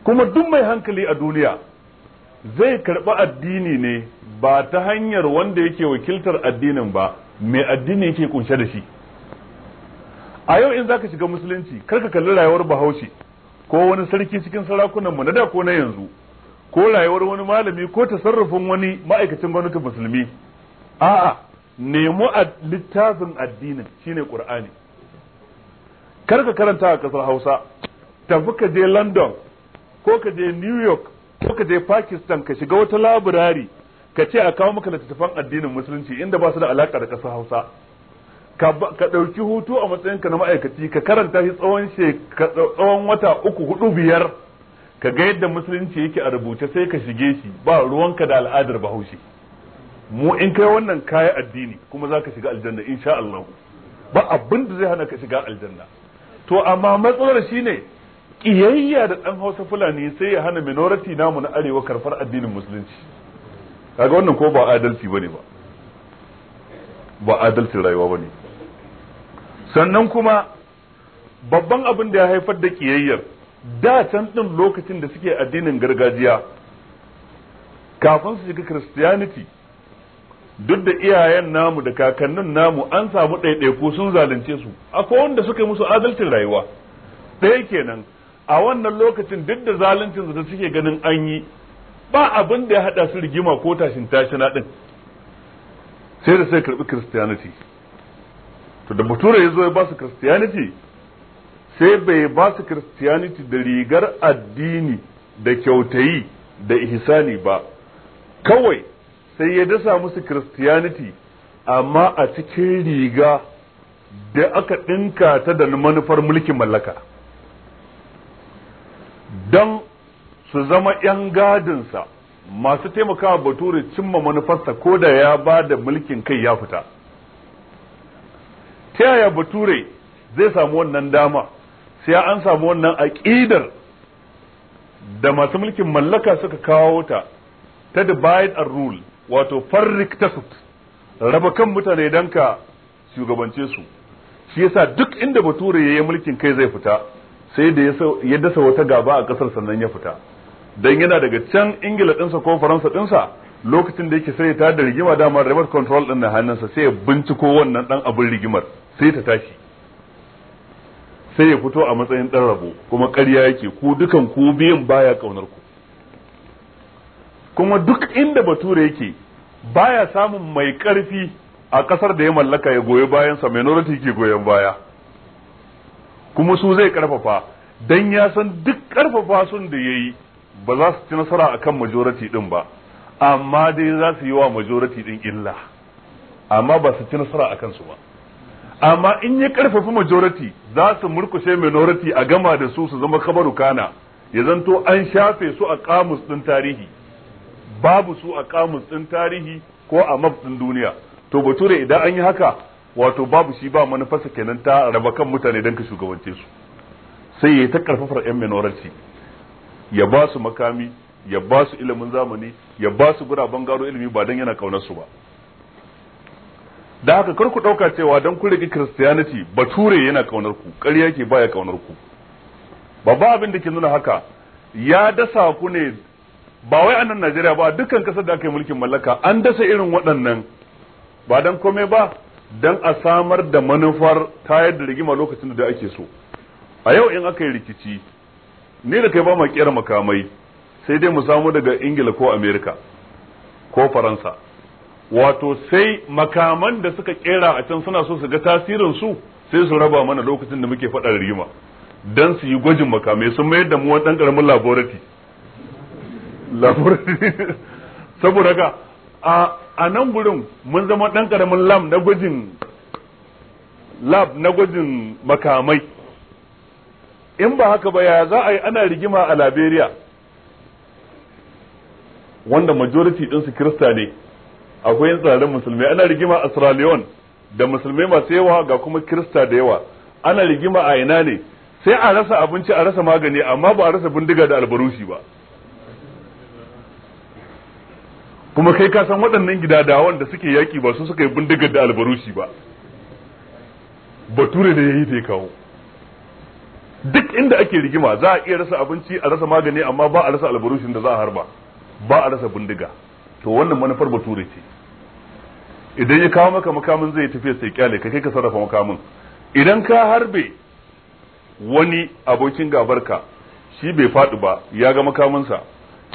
kuma duk mai hankali a duniya zai karɓi addini ne ba ta hanyar wanda yake wakiltar addinin ba mai addini yake kunshe da shi a yau in zaka shiga musulunci kar ka kalli rayuwar bahaushe ko wani sarki cikin sarakunan mu na da ko na yanzu ko rayuwar wani malami ko tasarrufin wani ma'aikacin gwamnatin musulmi a'a nemo a littafin addinin shine qur'ani kar ka karanta a kasar hausa tafi ka je london ko ka je new york ko ka je pakistan ka shiga wata laburari ka ce a kawo maka littattafan addinin musulunci inda ba su da alaka da kasar hausa ka ɗauki hutu a matsayinka na ma'aikaci ka karanta shi tsawon tsawon wata uku hudu biyar ka ga yadda musulunci yake a rubuce sai ka shige shi ba ruwanka da al'adar bahaushe mu in kai wannan kayan addini kuma za ka shiga aljanna insha Allah ba abin da zai hana ka shiga aljanna to amma matsalar shine ƙiyayya da ɗan Hausa Fulani sai ya hana minority namu na arewa karfar addinin musulunci kaga wannan ko ba adalci bane ba ba adalcin rayuwa bane sannan kuma babban abin da ya haifar da kiyayyar da can din lokacin da suke addinin gargajiya kafin su shiga christianity duk da iyayen namu da kakannin namu an samu ɗaiɗaiku sun zalunce su akwai wanda suka yi musu adalcin rayuwa ɗaya kenan a wannan lokacin duk da zaluncin da suke ganin an yi ba abin da ya haɗa su rigima ko tashin tashina ɗin sai da sai karɓi christianity to da bature ya zo ya ba su christianity sai bai ba su christianity da rigar addini da kyautayi da ihsani ba kawai sai ya dasa musu christianity amma a cikin riga da aka ɗinka ta da manufar mulkin mallaka don su zama 'yan gadinsa masu taimakawa bature cimma manufarsa ko da ya ba da mulkin kai ya fita ta yaya bature zai samu wannan dama sai an samu wannan aƙidar da masu mulkin mallaka suka kawo ta ta divide and rule wato farrik tasut raba kan mutane don ka shugabance su shi yasa duk inda bature ya yi mulkin kai zai fita sai da ya dasa wata gaba a ƙasar sannan ya fita don yana daga can ingila ɗinsa ko faransa ɗinsa lokacin da yake sai ta da rigima dama remote control ɗin na hannunsa sai ya binciko wannan ɗan abin rigimar sai ta tashi sai ya fito a matsayin ɗan rabo kuma ƙarya yake ku dukan ku biyan baya kaunar ku kuma duk inda bature yake baya samun mai ƙarfi a ƙasar da ya mallaka ya goyi bayan sa minority ke goyon baya kuma su zai karfafa dan ya san duk ƙarfafa sun da yayi ba za su ci nasara akan majority din ba amma dai za su yi wa majority din illa amma ba su ci nasara a kansu ba amma in ya karfafi majority za su murkushe minority a gama da su su zama kabaru kana ya zanto an shafe su a kamus din tarihi babu su a kamus din tarihi ko a map din duniya to bature idan an yi haka wato babu shi ba manufarsa kenan ta raba kan mutane don ka shugabance su sai ya ta karfafar yan minority ya ba su makami ya ba su ilimin zamani ya ba su guraben gado ilimi ba don yana kaunar su ba da haka kar ku dauka cewa dan ku rigi christianity bature yana kaunar ku ƙarya ke baya kaunar ku babba abin da ke nuna haka ya dasa ku ne ba wai a nan Najeriya ba dukkan kasar da aka yi mulkin mallaka an dasa irin waɗannan ba dan komai ba dan a samar da manufar tayar da rigima lokacin da ake so a yau in aka yi rikici ni da kai ba ma kera makamai sai dai mu samu daga ingila ko amerika ko faransa wato sai makaman da suka kera a can suna so su ga tasirin su sai su raba mana lokacin da muke faɗa rima dan su yi gwajin makamai sun mayar da mu wani ɗan ƙaramin laboratory laboratory <laughs> saboda ga a nan gurin mun zama ɗan ƙaramin lab na gwajin lab na gwajin makamai in ba haka ba ya za a yi ana rigima a liberia wanda majority ɗinsu kirista ne akwai yin tsirarin musulmai ana rigima a Sierra Leone da musulmai masu yawa ga kuma kirista da yawa ana rigima a ina ne sai a rasa abinci a rasa magani amma ba a rasa bindiga da albarushi ba kuma kai ka san waɗannan gida da suke yaƙi ba su suka yi bindiga da albarushi ba bature da ya yi ta kawo duk inda ake rigima za a iya rasa abinci a rasa magani amma ba a rasa albarushin da za a harba ba a rasa bindiga to wannan manufar bature ce idan ya kawo maka makamin zai tafiya sai kyale ka kai ka sarrafa makamin idan ka harbe wani abokin gabarka shi bai faɗi ba ya ga makaminsa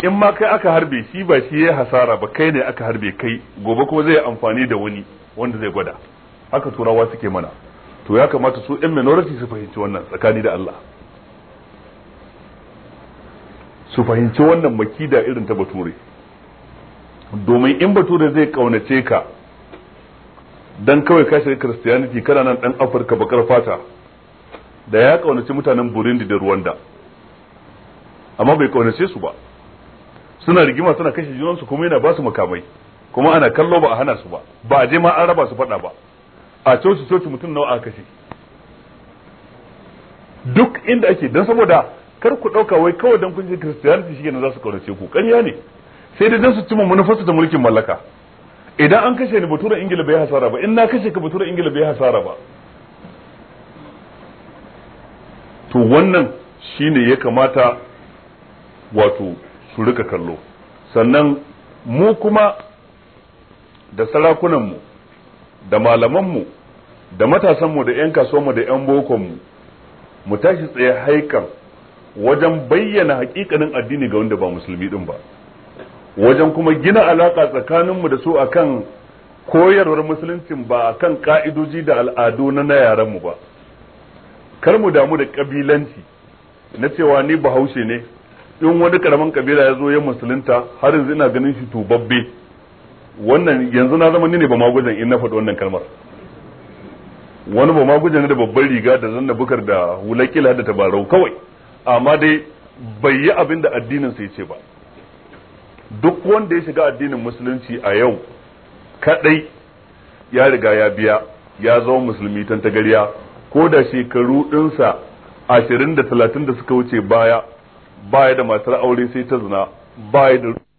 in ma kai aka harbe shi ba shi ya hasara ba kai ne aka harbe kai gobe kuma zai amfani da wani wanda zai gwada haka turawa suke mana to ya kamata su yan minority su fahimci wannan tsakani da Allah su fahimci wannan maki da irin ta bature domin in bature zai kaunace ka dan kawai ka shiga christianity kana nan dan afirka bakar fata da ya kaunace mutanen burundi da rwanda amma bai kaunace su ba suna rigima suna kashe junansu kuma yana ba makamai kuma ana kallo ba a hana su ba ba a je ma an raba su faɗa ba a coci coci mutum nawa aka kashe duk inda ake don saboda kar ku ɗauka wai kawai don kun je christianity shi ne za su kaunace ku ƙarya ne sai da dansu su cimma manufarsu da mulkin mallaka idan an kashe ni baturan ingila bai hasara ba in na kashe ka baturan ingila bai hasara ba to wannan shine ya kamata wato su rika kallo sannan mu kuma da sarakunanmu da malamanmu da matasanmu da 'yan kasuwanmu da 'yan bokonmu mu tashi tsaye haikan wajen bayyana hakikanin addini ga wanda ba musulmi din ba wajen kuma gina alaka tsakaninmu da su akan koyarwar musuluncin ba akan ka'idoji da al'adu na na yarenmu ba kar mu damu da kabilanci na cewa ni bahaushe ne in wani ƙaramin kabila ya zo ya musulunta har yanzu ina ganin shi tubabbe wannan yanzu na zama ni ne ba magujan in na faɗi wannan kalmar wani ba magujan da babban riga da zanna bukar da hulakila da tabarau kawai amma dai bai yi abin da addinin sai ce ba duk wanda ya shiga addinin musulunci a yau kadai ya riga ya biya ya zama musulmi tan tagariya ko da shekaru ɗinsa ashirin da talatin da suka wuce baya baya da matar aure sai ta zina baya da